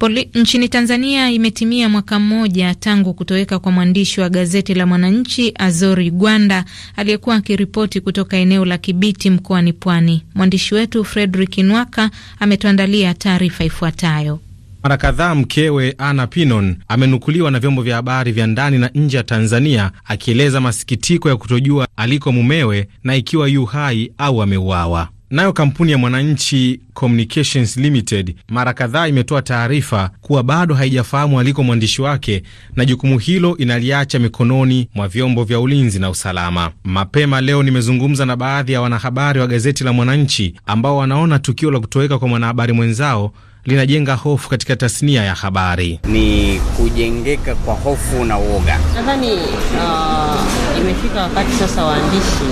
Poli, nchini Tanzania imetimia mwaka mmoja tangu kutoweka kwa mwandishi wa gazeti la Mwananchi Azori Gwanda aliyekuwa akiripoti kutoka eneo la Kibiti mkoani Pwani. Mwandishi wetu fredrik Nwaka ametuandalia taarifa ifuatayo. Mara kadhaa mkewe Ana Pinon amenukuliwa na vyombo vya habari vya ndani na nje ya Tanzania akieleza masikitiko ya kutojua aliko mumewe na ikiwa yu hai au ameuawa. Nayo kampuni ya Mwananchi Communications Limited mara kadhaa imetoa taarifa kuwa bado haijafahamu aliko mwandishi wake na jukumu hilo inaliacha mikononi mwa vyombo vya ulinzi na usalama. Mapema leo nimezungumza na baadhi ya wanahabari wa gazeti la Mwananchi ambao wanaona tukio la kutoweka kwa mwanahabari mwenzao linajenga hofu katika tasnia ya habari. Ni kujengeka kwa hofu na uoga. Nadhani uh, imefika wakati sasa waandishi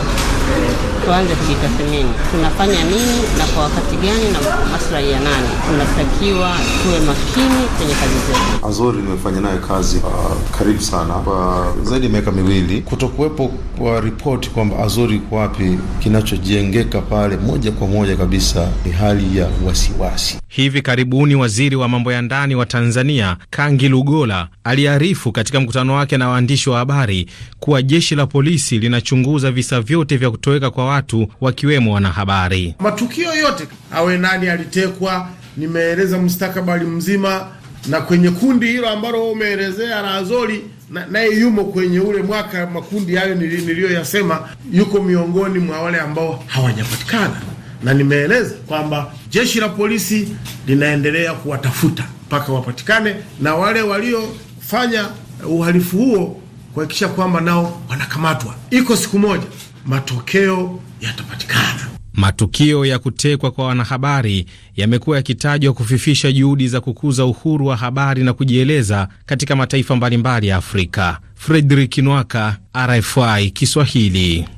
tuanze kujitathmini, tunafanya nini na kwa wakati gani na maslahi ya nani. Tunatakiwa tuwe makini kwenye kazi zetu. Azori nimefanya nayo kazi uh, karibu sana kwa zaidi ya miaka miwili, kutokuwepo kwa ripoti kwamba Azori iko wapi, kinachojengeka pale moja kwa moja kabisa ni hali ya wasiwasi. Hivi karibuni waziri wa mambo ya ndani wa Tanzania Kangi Lugola aliarifu katika mkutano wake na waandishi wa habari kuwa jeshi la polisi linachunguza visa vyote vya kutoweka kwa watu wakiwemo wanahabari. Matukio yote awe nani alitekwa, nimeeleza mustakabali mzima, na kwenye kundi hilo ambalo umeelezea la Azori naye na yumo kwenye ule mwaka. Makundi hayo niliyoyasema, yuko miongoni mwa wale ambao hawajapatikana, na nimeeleza kwamba jeshi la polisi linaendelea kuwatafuta mpaka wapatikane, na wale waliofanya uhalifu huo kuhakikisha kwamba nao wanakamatwa. Iko siku moja matokeo yatapatikana. Matukio ya kutekwa kwa wanahabari yamekuwa yakitajwa kufifisha juhudi za kukuza uhuru wa habari na kujieleza katika mataifa mbalimbali ya Afrika. Fredrik Nwaka, RFI Kiswahili.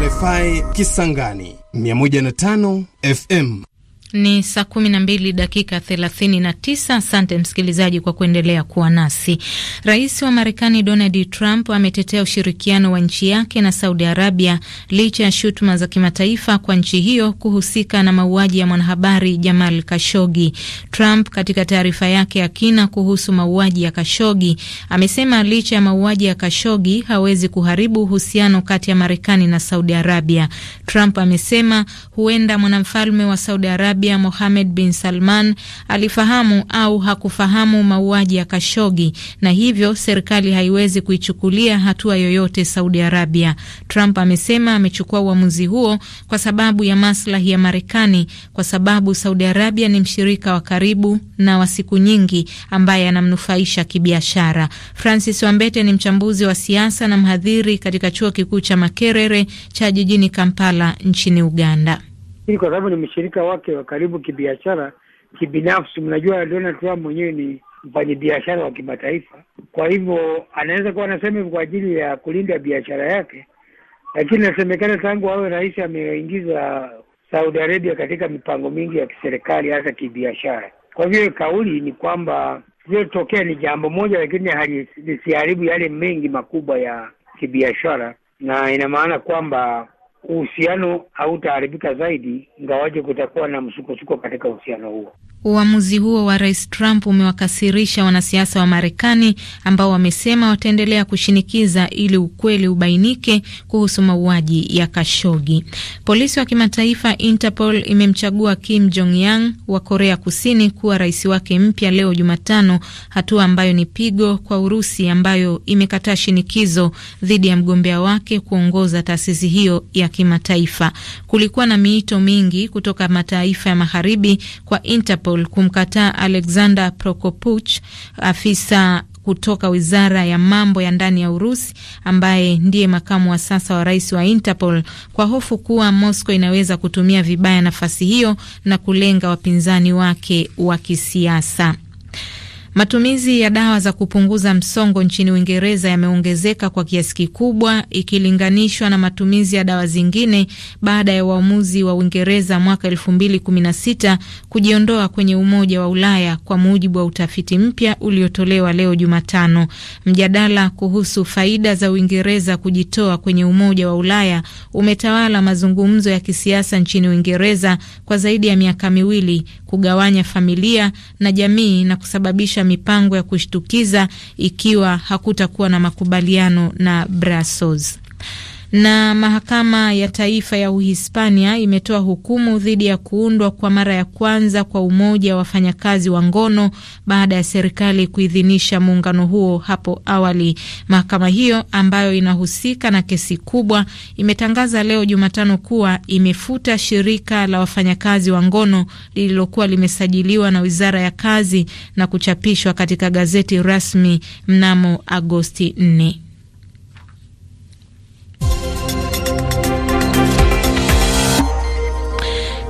RFI Kisangani 105 FM. Ni saa kumi na mbili dakika thelathini na tisa. Asante msikilizaji kwa kuendelea kuwa nasi. Rais wa Marekani Donald Trump ametetea ushirikiano wa nchi yake na Saudi Arabia licha ya shutuma za kimataifa kwa nchi hiyo kuhusika na mauaji ya mwanahabari Jamal Kashogi. Trump katika taarifa yake ya kina kuhusu mauaji ya Kashogi amesema licha ya mauaji ya Kashogi hawezi kuharibu uhusiano kati ya Marekani na Saudi Arabia. Trump amesema huenda mwanamfalme wa Saudi Arabia Arabia Mohamed bin Salman alifahamu au hakufahamu mauaji ya Kashogi na hivyo serikali haiwezi kuichukulia hatua yoyote Saudi Arabia. Trump amesema amechukua uamuzi huo kwa sababu ya maslahi ya Marekani, kwa sababu Saudi Arabia ni mshirika wa karibu na wa siku nyingi ambaye anamnufaisha kibiashara. Francis Wambete ni mchambuzi wa siasa na mhadhiri katika chuo kikuu cha Makerere cha jijini Kampala nchini Uganda lakini kwa sababu ni mshirika wake wa karibu kibiashara, kibinafsi. Mnajua Donald Trump mwenyewe ni mfanyabiashara wa kimataifa, kwa hivyo anaweza kuwa anasema kwa ajili ya kulinda biashara yake, lakini inasemekana tangu awe rais ameingiza Saudi Arabia katika mipango mingi ya kiserikali hasa kibiashara. Kwa hivyo kauli ni kwamba iliyotokea ni jambo moja, lakini lisiharibu yale mengi makubwa ya kibiashara, na ina maana kwamba uhusiano hautaharibika zaidi, ingawaje kutakuwa na msukosuko katika uhusiano huo. Uamuzi huo wa rais Trump umewakasirisha wanasiasa wa Marekani ambao wamesema wataendelea kushinikiza ili ukweli ubainike kuhusu mauaji ya Kashogi. Polisi wa kimataifa Interpol imemchagua Kim Jong Yang wa Korea Kusini kuwa rais wake mpya leo Jumatano, hatua ambayo ni pigo kwa Urusi ambayo imekataa shinikizo dhidi ya mgombea wake kuongoza taasisi hiyo ya kimataifa. Kulikuwa na miito mingi kutoka mataifa ya magharibi kwa Interpol Mariupol kumkataa Alexander Prokopuch, afisa kutoka wizara ya mambo ya ndani ya Urusi ambaye ndiye makamu wa sasa wa rais wa Interpol kwa hofu kuwa Moscow inaweza kutumia vibaya nafasi hiyo na kulenga wapinzani wake wa kisiasa. Matumizi ya dawa za kupunguza msongo nchini Uingereza yameongezeka kwa kiasi kikubwa ikilinganishwa na matumizi ya dawa zingine baada ya uamuzi wa Uingereza mwaka 2016 kujiondoa kwenye Umoja wa Ulaya, kwa mujibu wa utafiti mpya uliotolewa leo Jumatano. Mjadala kuhusu faida za Uingereza kujitoa kwenye Umoja wa Ulaya umetawala mazungumzo ya kisiasa nchini Uingereza kwa zaidi ya miaka miwili, kugawanya familia na jamii na kusababisha mipango ya kushtukiza ikiwa hakutakuwa na makubaliano na Brussels. Na mahakama ya taifa ya Uhispania imetoa hukumu dhidi ya kuundwa kwa mara ya kwanza kwa umoja wa wafanyakazi wa ngono baada ya serikali kuidhinisha muungano huo hapo awali. Mahakama hiyo ambayo inahusika na kesi kubwa imetangaza leo Jumatano kuwa imefuta shirika la wafanyakazi wa ngono lililokuwa limesajiliwa na Wizara ya Kazi na kuchapishwa katika gazeti rasmi mnamo Agosti 4.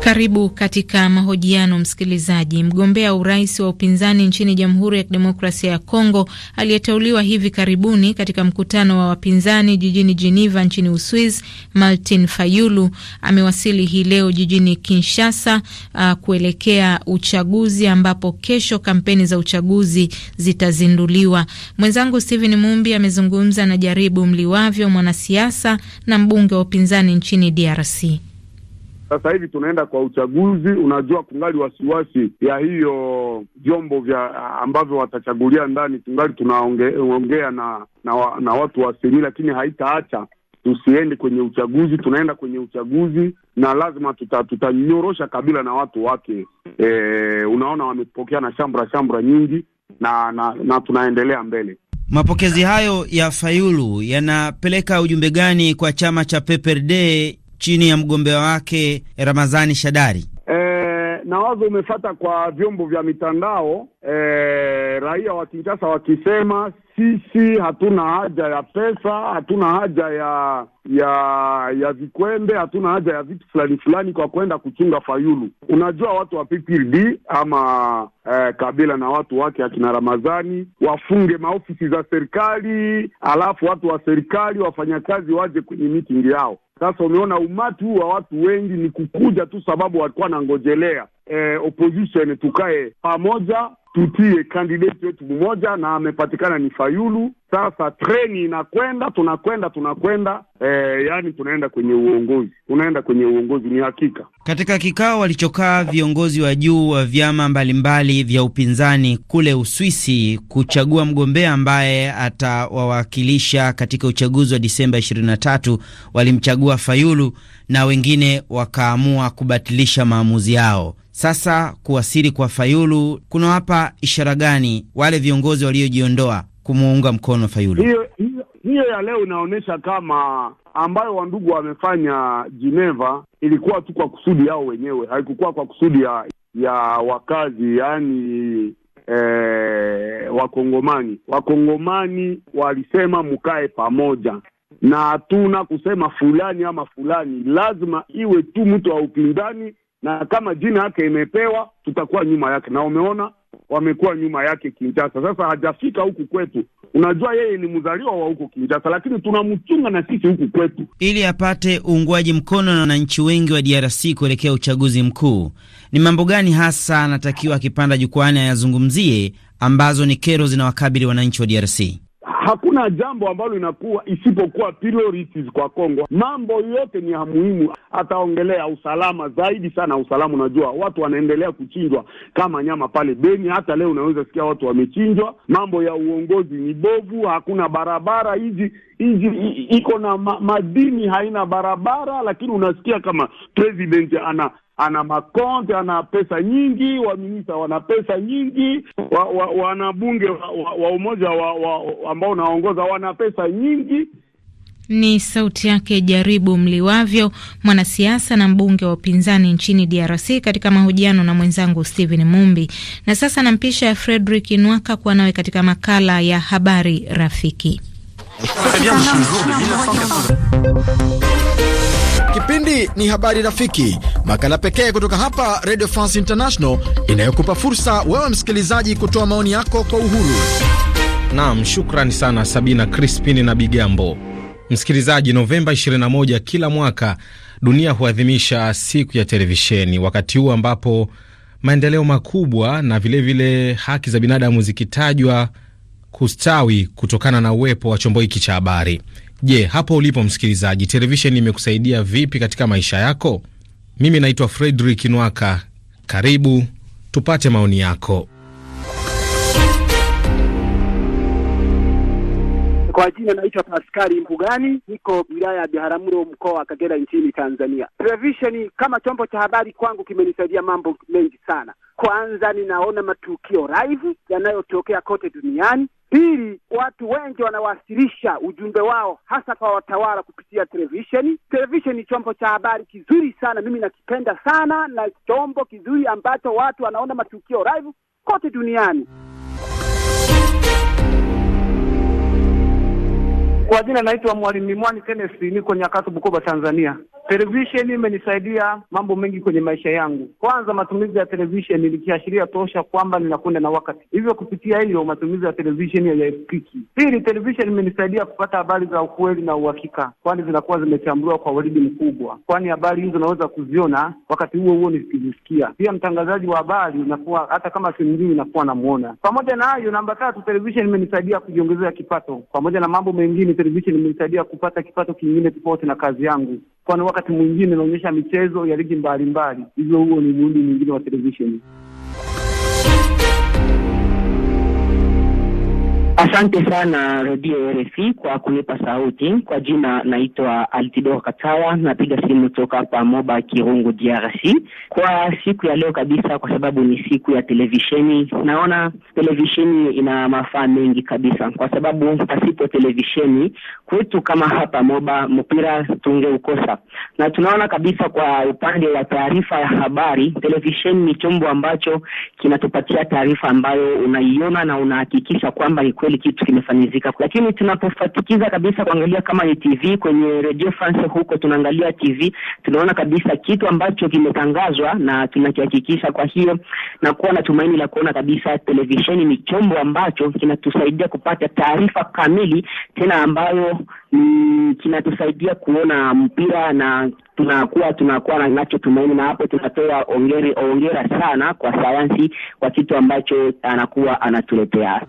Karibu katika mahojiano msikilizaji. Mgombea urais wa upinzani nchini Jamhuri ya Kidemokrasia ya Kongo aliyeteuliwa hivi karibuni katika mkutano wa wapinzani jijini Geneva nchini Uswiz, Martin Fayulu amewasili hii leo jijini Kinshasa uh, kuelekea uchaguzi ambapo kesho kampeni za uchaguzi zitazinduliwa. Mwenzangu Stephen Mumbi amezungumza na Jaribu Mliwavyo, mwanasiasa na mbunge wa upinzani nchini DRC. Sasa hivi tunaenda kwa uchaguzi, unajua kungali wasiwasi ya hiyo vyombo vya ambavyo watachagulia ndani, tungali tunaongea na, na, na watu wa seni, lakini haitaacha tusiende kwenye uchaguzi. Tunaenda kwenye uchaguzi na lazima tutanyorosha tuta kabila na watu wake. E, unaona wamepokea na shambra shambra nyingi na, na, na tunaendelea mbele. Mapokezi hayo ya Fayulu yanapeleka ujumbe gani kwa chama cha PPRD chini ya mgombea wake Ramazani Shadari. E, na wazo umefata kwa vyombo vya mitandao e, raia wa Kinshasa wakisema sisi hatuna haja ya pesa, hatuna haja ya ya ya vikwembe, hatuna haja ya vitu fulani fulani kwa kwenda kuchunga fayulu. Unajua watu wa PPRD ama e, Kabila na watu wake akina Ramazani wafunge maofisi za serikali, alafu watu wa serikali wafanyakazi waje kwenye mitingi yao sasa umeona umati huu wa watu wengi ni kukuja tu sababu walikuwa wanangojelea eh, opposition tukae pamoja tutie kandidati wetu mmoja na amepatikana ni Fayulu. Sasa treni inakwenda, tunakwenda tunakwenda, e, yani tunaenda kwenye uongozi, tunaenda kwenye uongozi, ni hakika. Katika kikao walichokaa viongozi wa juu wa vyama mbalimbali vya upinzani kule Uswisi kuchagua mgombea ambaye atawawakilisha katika uchaguzi wa Disemba 23, walimchagua Fayulu na wengine wakaamua kubatilisha maamuzi yao. Sasa kuwasili kwa Fayulu kunawapa ishara gani wale viongozi waliojiondoa kumuunga mkono Fayulu? Hiyo, hiyo, hiyo ya leo inaonyesha kama ambayo wandugu wamefanya Geneva ilikuwa tu kwa kusudi yao wenyewe, haikukuwa kwa kusudi ya, ya wakazi yaani eh, Wakongomani. Wakongomani walisema mkae pamoja na hatuna kusema fulani ama fulani, lazima iwe tu mtu wa upinzani na kama jina yake imepewa, tutakuwa nyuma yake, na umeona wamekuwa nyuma yake Kinshasa. Sasa hajafika huku kwetu, unajua yeye ni mzaliwa wa huko Kinshasa, lakini tunamchunga na sisi huku kwetu, ili apate uungwaji mkono na wananchi wengi wa DRC kuelekea uchaguzi mkuu. Ni mambo gani hasa anatakiwa akipanda jukwani ayazungumzie, ambazo ni kero zinawakabili wananchi wa DRC? Hakuna jambo ambalo inakuwa isipokuwa priorities kwa Kongo. Mambo yote ni ya muhimu, ataongelea usalama zaidi sana. Usalama, unajua watu wanaendelea kuchinjwa kama nyama pale Beni, hata leo unaweza sikia watu wamechinjwa. Mambo ya uongozi ni bovu, hakuna barabara hizi hizi iko na ma, madini haina barabara, lakini unasikia kama president ana ana makonte, ana pesa nyingi, waminista wana pesa nyingi, wanabunge wa, wa, wa, wa umoja wa, wa, ambao unaongoza wana pesa nyingi. Ni sauti yake Jaribu Mliwavyo, mwanasiasa na mbunge wa upinzani nchini DRC, katika mahojiano na mwenzangu Stephen Mumbi. Na sasa nampisha fredrick Nwaka kuwa nawe katika makala ya Habari Rafiki. Kipindi ni Habari Rafiki, makala pekee kutoka hapa Radio France International inayokupa fursa wewe msikilizaji kutoa maoni yako kwa uhuru. Naam, shukrani sana Sabina Crispin na Bigambo. Msikilizaji, Novemba 21 kila mwaka dunia huadhimisha siku ya televisheni, wakati huu ambapo maendeleo makubwa na vilevile vile haki za binadamu zikitajwa kustawi kutokana na uwepo wa chombo hiki cha habari. Je, hapo ulipo msikilizaji, televisheni imekusaidia vipi katika maisha yako? Mimi naitwa Fredrik Nwaka, karibu tupate maoni yako. Kwa jina naitwa Paskari Mbugani, niko wilaya ya Biharamulo, mkoa wa Kagera, nchini Tanzania. Televisheni kama chombo cha habari kwangu kimenisaidia mambo mengi sana. Kwanza ninaona matukio live yanayotokea kote duniani Pili, watu wengi wanawasilisha ujumbe wao hasa kwa watawala kupitia televisheni. Televisheni ni chombo cha habari kizuri sana, mimi nakipenda sana, na chombo kizuri ambacho watu wanaona matukio live kote duniani. Kwa jina naitwa Mwalimu Mimwani Kenesi, niko Nyakato, Bukoba, Tanzania. Televisheni imenisaidia mambo mengi kwenye maisha yangu. Kwanza, matumizi ya televisheni nikiashiria tosha kwamba ninakwenda na wakati, hivyo kupitia hiyo matumizi ya televisheni hayaepukiki. Pili, televisheni imenisaidia kupata habari za ukweli na uhakika, kwani zinakuwa zimechambuliwa kwa weledi mkubwa, kwani habari hizo naweza kuziona wakati huo huo nikizisikia. Pia mtangazaji wa habari inakuwa hata kama simjui, inakuwa namwona. Pamoja na hayo, namba tatu, televisheni imenisaidia kujiongezea kipato. Pamoja na mambo mengine, televisheni imenisaidia kupata kipato kingine tofauti na kazi yangu kwani wakati mwingine inaonyesha michezo ya ligi mbalimbali. Hivyo huo ni muundo mwingine wa televisheni. Asante sana redio RFI kwa kunipa sauti. Kwa jina naitwa Altidor Katawa, napiga simu toka hapa Moba Kirungu, DRC. Kwa siku ya leo kabisa, kwa sababu ni siku ya televisheni, naona televisheni ina mafaa mengi kabisa, kwa sababu pasipo televisheni kwetu kama hapa Moba mpira tungeukosa, na tunaona kabisa kwa upande wa taarifa ya habari, televisheni ni chombo ambacho kinatupatia taarifa ambayo unaiona na unahakikisha kwamba ni kweli kitu kimefanyizika, lakini tunapofatikiza kabisa kuangalia kama ni TV kwenye Radio France huko tunaangalia TV, tunaona kabisa kitu ambacho kimetangazwa na tunakihakikisha. Kwa hiyo na kuwa na tumaini la kuona kabisa televisheni ni chombo ambacho kinatusaidia kupata taarifa kamili tena ambayo ni kinatusaidia kuona mpira na tunakuwa tunakuwa na nacho tumaini, na hapo tunatoa ongeri ongera sana kwa sayansi kwa kitu ambacho anakuwa anatuletea.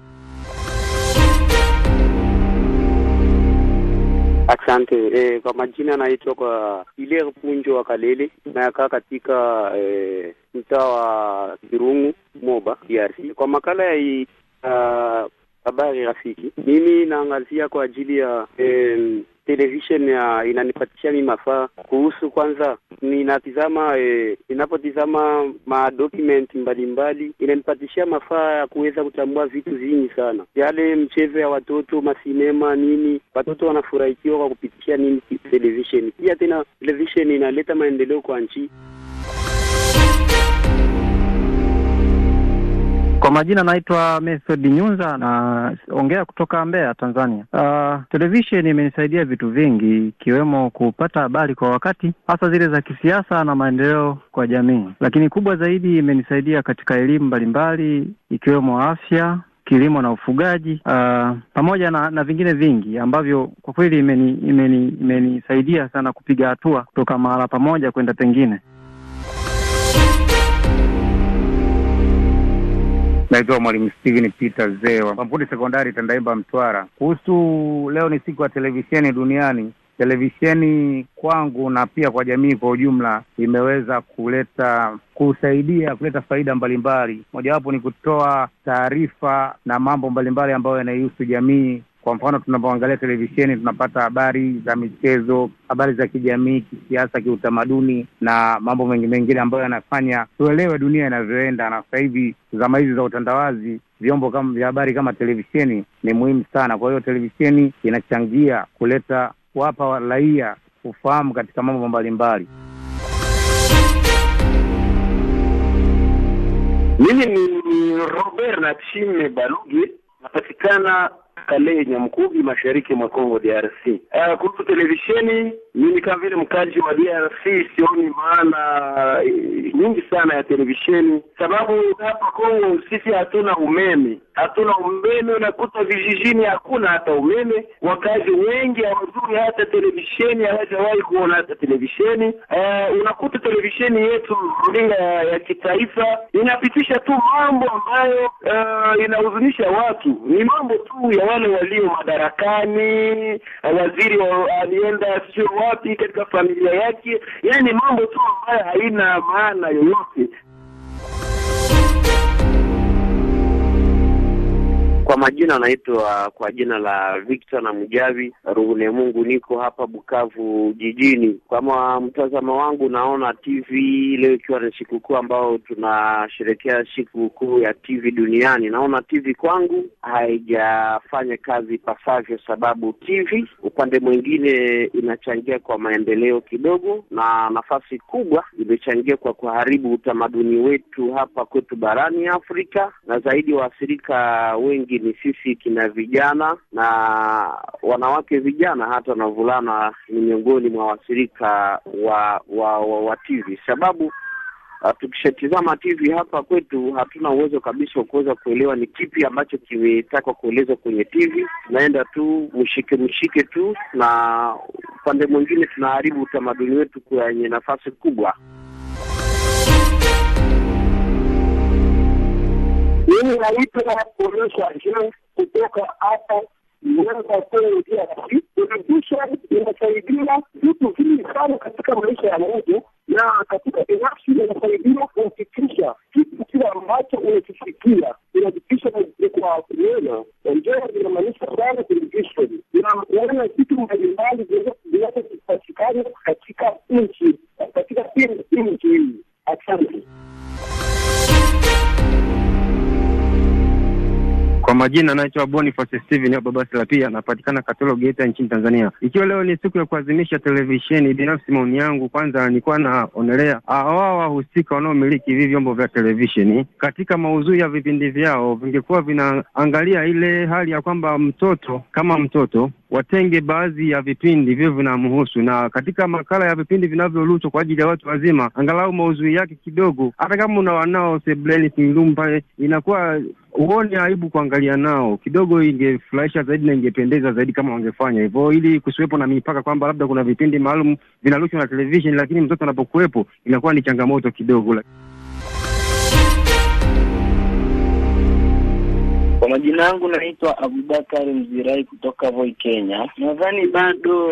Asante e, kwa majina anaitwa kwa Hilaire Punjo wa Kalele, nayakaa katika e, mtaa wa Kirungu, Moba, DRC. Kwa makala ya hii ah, habari uh, rafiki, mimi naangazia kwa ajili ya e, television inanipatisha mi mafaa kuhusu. Kwanza ninatizama eh, ninapotizama madocument mbalimbali inanipatishia mafaa ya kuweza kutambua vitu vingi sana, yale mchezo ya watoto masinema nini, watoto wanafurahikiwa kwa kupitisha nini television. Pia tena television inaleta maendeleo kwa nchi. Kwa majina naitwa Method Nyunza, naongea kutoka Mbeya, Tanzania. Uh, televisheni imenisaidia vitu vingi, ikiwemo kupata habari kwa wakati, hasa zile za kisiasa na maendeleo kwa jamii, lakini kubwa zaidi imenisaidia katika elimu mbalimbali, ikiwemo afya kilimo na ufugaji uh, pamoja na, na vingine vingi ambavyo kwa kweli imenisaidia imeni, imeni sana kupiga hatua kutoka mahala pamoja kwenda pengine. Naitwa Mwalimu Steven Peter Zewa, Mapudi Sekondari, Tandaimba, Mtwara. Kuhusu leo ni siku ya televisheni duniani. Televisheni kwangu na pia kwa jamii kwa ujumla imeweza kuleta kusaidia kuleta faida mbalimbali, mojawapo ni kutoa taarifa na mambo mbalimbali ambayo yanaihusu jamii kwa mfano tunapoangalia televisheni tunapata habari za michezo, habari za kijamii, kisiasa, kiutamaduni na mambo mengi mengine ambayo yanafanya tuelewe dunia inavyoenda. Na sasa hivi zama hizi za utandawazi, vyombo kama vya habari kama televisheni ni muhimu sana. Kwa hiyo televisheni inachangia kuleta kuwapa raia kufahamu katika mambo mbalimbali. Mimi ni Robert Nachime balugi napatikana Kale Nyamkubi, mashariki mwa Kongo DRC. Uh, eh, kuhusu televisheni, mimi kama vile mkaji wa DRC sioni maana uh, nyingi sana ya televisheni, sababu hapa Kongo sisi hatuna umeme, hatuna umeme. Unakuta vijijini hakuna hata umeme, wakazi wengi hawazuri hata televisheni, hawajawahi kuona hata televisheni. Uh, unakuta televisheni yetu runinga ya, ya kitaifa inapitisha tu mambo ambayo uh, inahuzunisha watu, ni mambo tu ya wale walio madarakani, waziri wa, alienda sio wapi katika familia yake, yani mambo tu ambayo haina maana yoyote. Kwa majina anaitwa kwa jina la Victor na Mjavi Ruhune Mungu, niko hapa Bukavu jijini. Kama mtazamo wangu, naona TV leo ikiwa ni sikukuu ambao tunasherehekea sikukuu ya TV duniani, naona TV kwangu haijafanya kazi ipasavyo, sababu TV upande mwingine inachangia kwa maendeleo kidogo, na nafasi kubwa imechangia kwa kuharibu utamaduni wetu hapa kwetu barani Afrika, na zaidi waathirika wengi ni sisi kina vijana na wanawake vijana hata na vulana ni miongoni mwa waathirika wa wa, wa, wa TV sababu Uh, tukishatizama TV hapa kwetu hatuna uwezo kabisa wa kuweza kuelewa ni kipi ambacho kimetakwa kuelezwa kwenye TV. Tunaenda tu mshike mshike tu, na upande mwingine tunaharibu utamaduni wetu kwenye nafasi kubwa. Mimi naitwa kuonyesha je kutoka hapa iakoia televisheni inasaidia vitu vingi sana katika maisha ya mtu na katika binafsi, inasaidia kuhakikisha kitu kile ambacho unakifikia inahakikisha kwa kuona njeo, zinamaanisha sana televisheni na kuona vitu mbalimbali vinavyopatikana katika nchi katika nchi hii. Asante. Kwa majina anaitwa Boniface Steven au Baba pia anapatikana Katoro Geita nchini Tanzania. Ikiwa leo ni siku ya kuadhimisha televisheni, binafsi maoni yangu kwanza, nilikuwa naonelea ah, hawa wahusika wanaomiliki hivi vyombo vya televisheni katika mauzui ya vipindi vyao vingekuwa vinaangalia ile hali ya kwamba mtoto kama mtoto watenge baadhi ya vipindi vivyo vinamhusu, na katika makala ya vipindi vinavyorushwa kwa ajili ya watu wazima, angalau maudhui yake kidogo, hata kama una wanao sebleni pale, inakuwa huoni aibu kuangalia nao kidogo. Ingefurahisha zaidi na ingependeza zaidi kama wangefanya hivyo, ili kusiwepo na mipaka kwamba labda kuna vipindi maalum vinarushwa na televisheni, lakini mtoto anapokuwepo inakuwa ni changamoto kidogo. majina yangu naitwa Abubakari Mzirai kutoka Voi, Kenya. Nadhani bado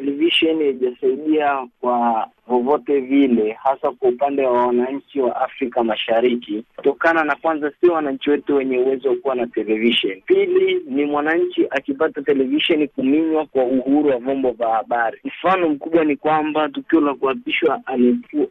televisheni haijasaidia kwa vyovyote vile, hasa kwa upande wa wananchi wa Afrika Mashariki, kutokana na kwanza, sio wananchi wetu wenye uwezo wa kuwa na televisheni; pili, ni mwananchi akipata televisheni kuminywa kwa uhuru wa vyombo vya habari. Mfano mkubwa ni kwamba tukio la kuapishwa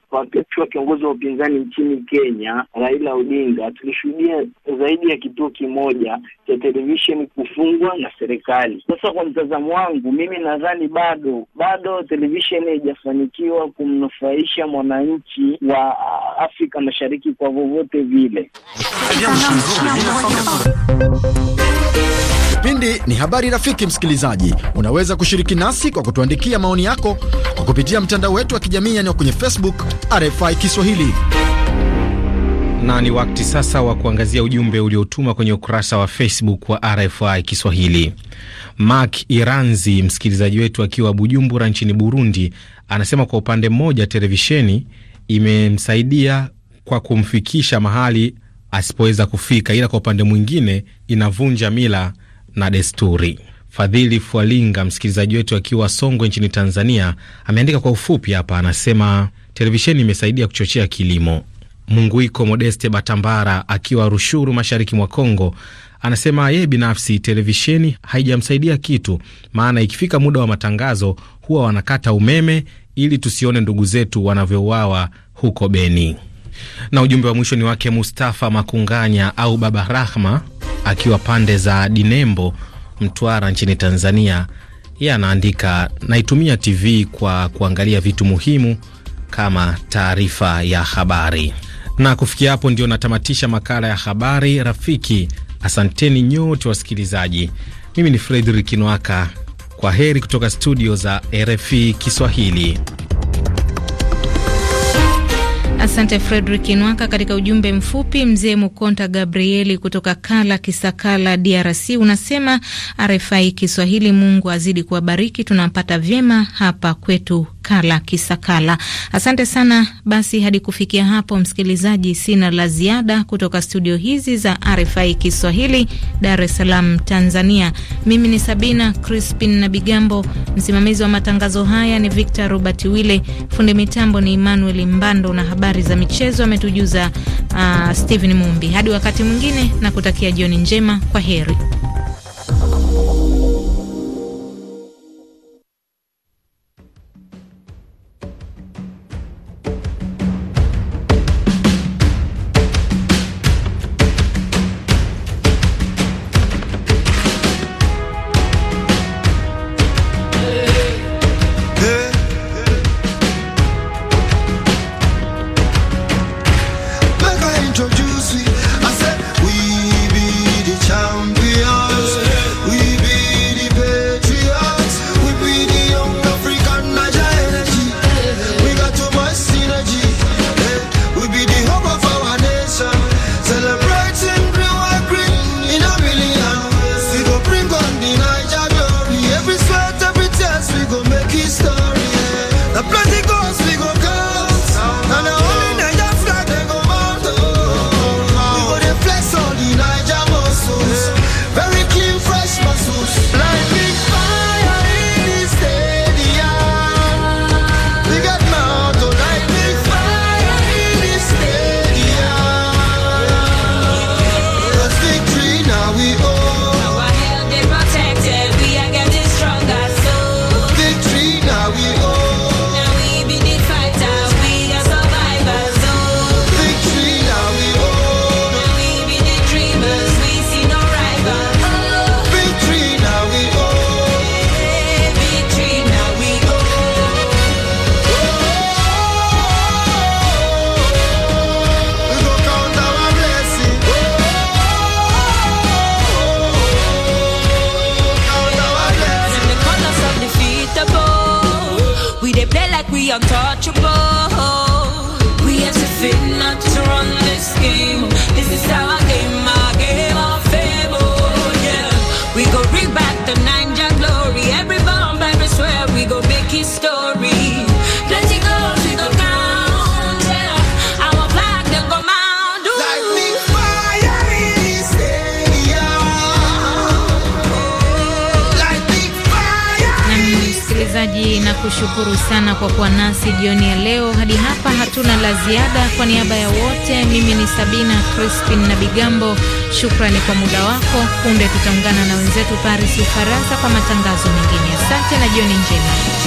kuapishwa kiongozi wa upinzani nchini Kenya, Raila Odinga, tulishuhudia zaidi ya kituo kimoja cha televisheni kufungwa na serikali. Sasa kwa mtazamo wangu mimi, nadhani bado juu. Bado televisheni haijafanikiwa kumnufaisha mwananchi wa Afrika Mashariki kwa vyovyote vile. Kipindi ni habari. Rafiki msikilizaji, unaweza kushiriki nasi kwa kutuandikia maoni yako kwa kupitia mtandao wetu wa kijamii, yaani kwenye Facebook RFI Kiswahili na ni wakati sasa wa kuangazia ujumbe uliotuma kwenye ukurasa wa Facebook wa RFI Kiswahili. Mark Iranzi, msikilizaji wetu akiwa Bujumbura nchini Burundi, anasema kwa upande mmoja televisheni imemsaidia kwa kumfikisha mahali asipoweza kufika, ila kwa upande mwingine inavunja mila na desturi. Fadhili Fwalinga, msikilizaji wetu akiwa Songwe nchini Tanzania, ameandika kwa ufupi hapa, anasema televisheni imesaidia kuchochea kilimo Munguiko Modeste Batambara akiwa Rushuru, mashariki mwa Kongo, anasema yeye binafsi televisheni haijamsaidia kitu, maana ikifika muda wa matangazo huwa wanakata umeme ili tusione ndugu zetu wanavyouawa huko Beni. Na ujumbe wa mwisho ni wake Mustafa Makunganya au Baba Rahma akiwa pande za Dinembo, Mtwara nchini Tanzania. Yeye anaandika, naitumia TV kwa kuangalia vitu muhimu kama taarifa ya habari. Na kufikia hapo ndio natamatisha makala ya habari rafiki. Asanteni nyote wasikilizaji. Mimi ni Fredrik Nwaka, kwa heri kutoka studio za RFI Kiswahili. Asante Fredrik Nwaka. Katika ujumbe mfupi, mzee Mukonta Gabrieli kutoka Kala Kisakala, DRC, unasema RFI Kiswahili, Mungu azidi kuwabariki, tunampata vyema hapa kwetu makala Kisakala. Asante sana. Basi hadi kufikia hapo, msikilizaji, sina la ziada kutoka studio hizi za RFI Kiswahili, Dar es Salaam, Tanzania. Mimi ni Sabina Crispin na Bigambo, msimamizi wa matangazo haya ni Victor Robert wille fundi mitambo ni Emmanuel Mbando na habari za michezo ametujuza uh, Steven Mumbi. Hadi wakati mwingine, na kutakia jioni njema. Kwa heri. BBC Ufaransa kwa matangazo mengine. Asante na jioni njema.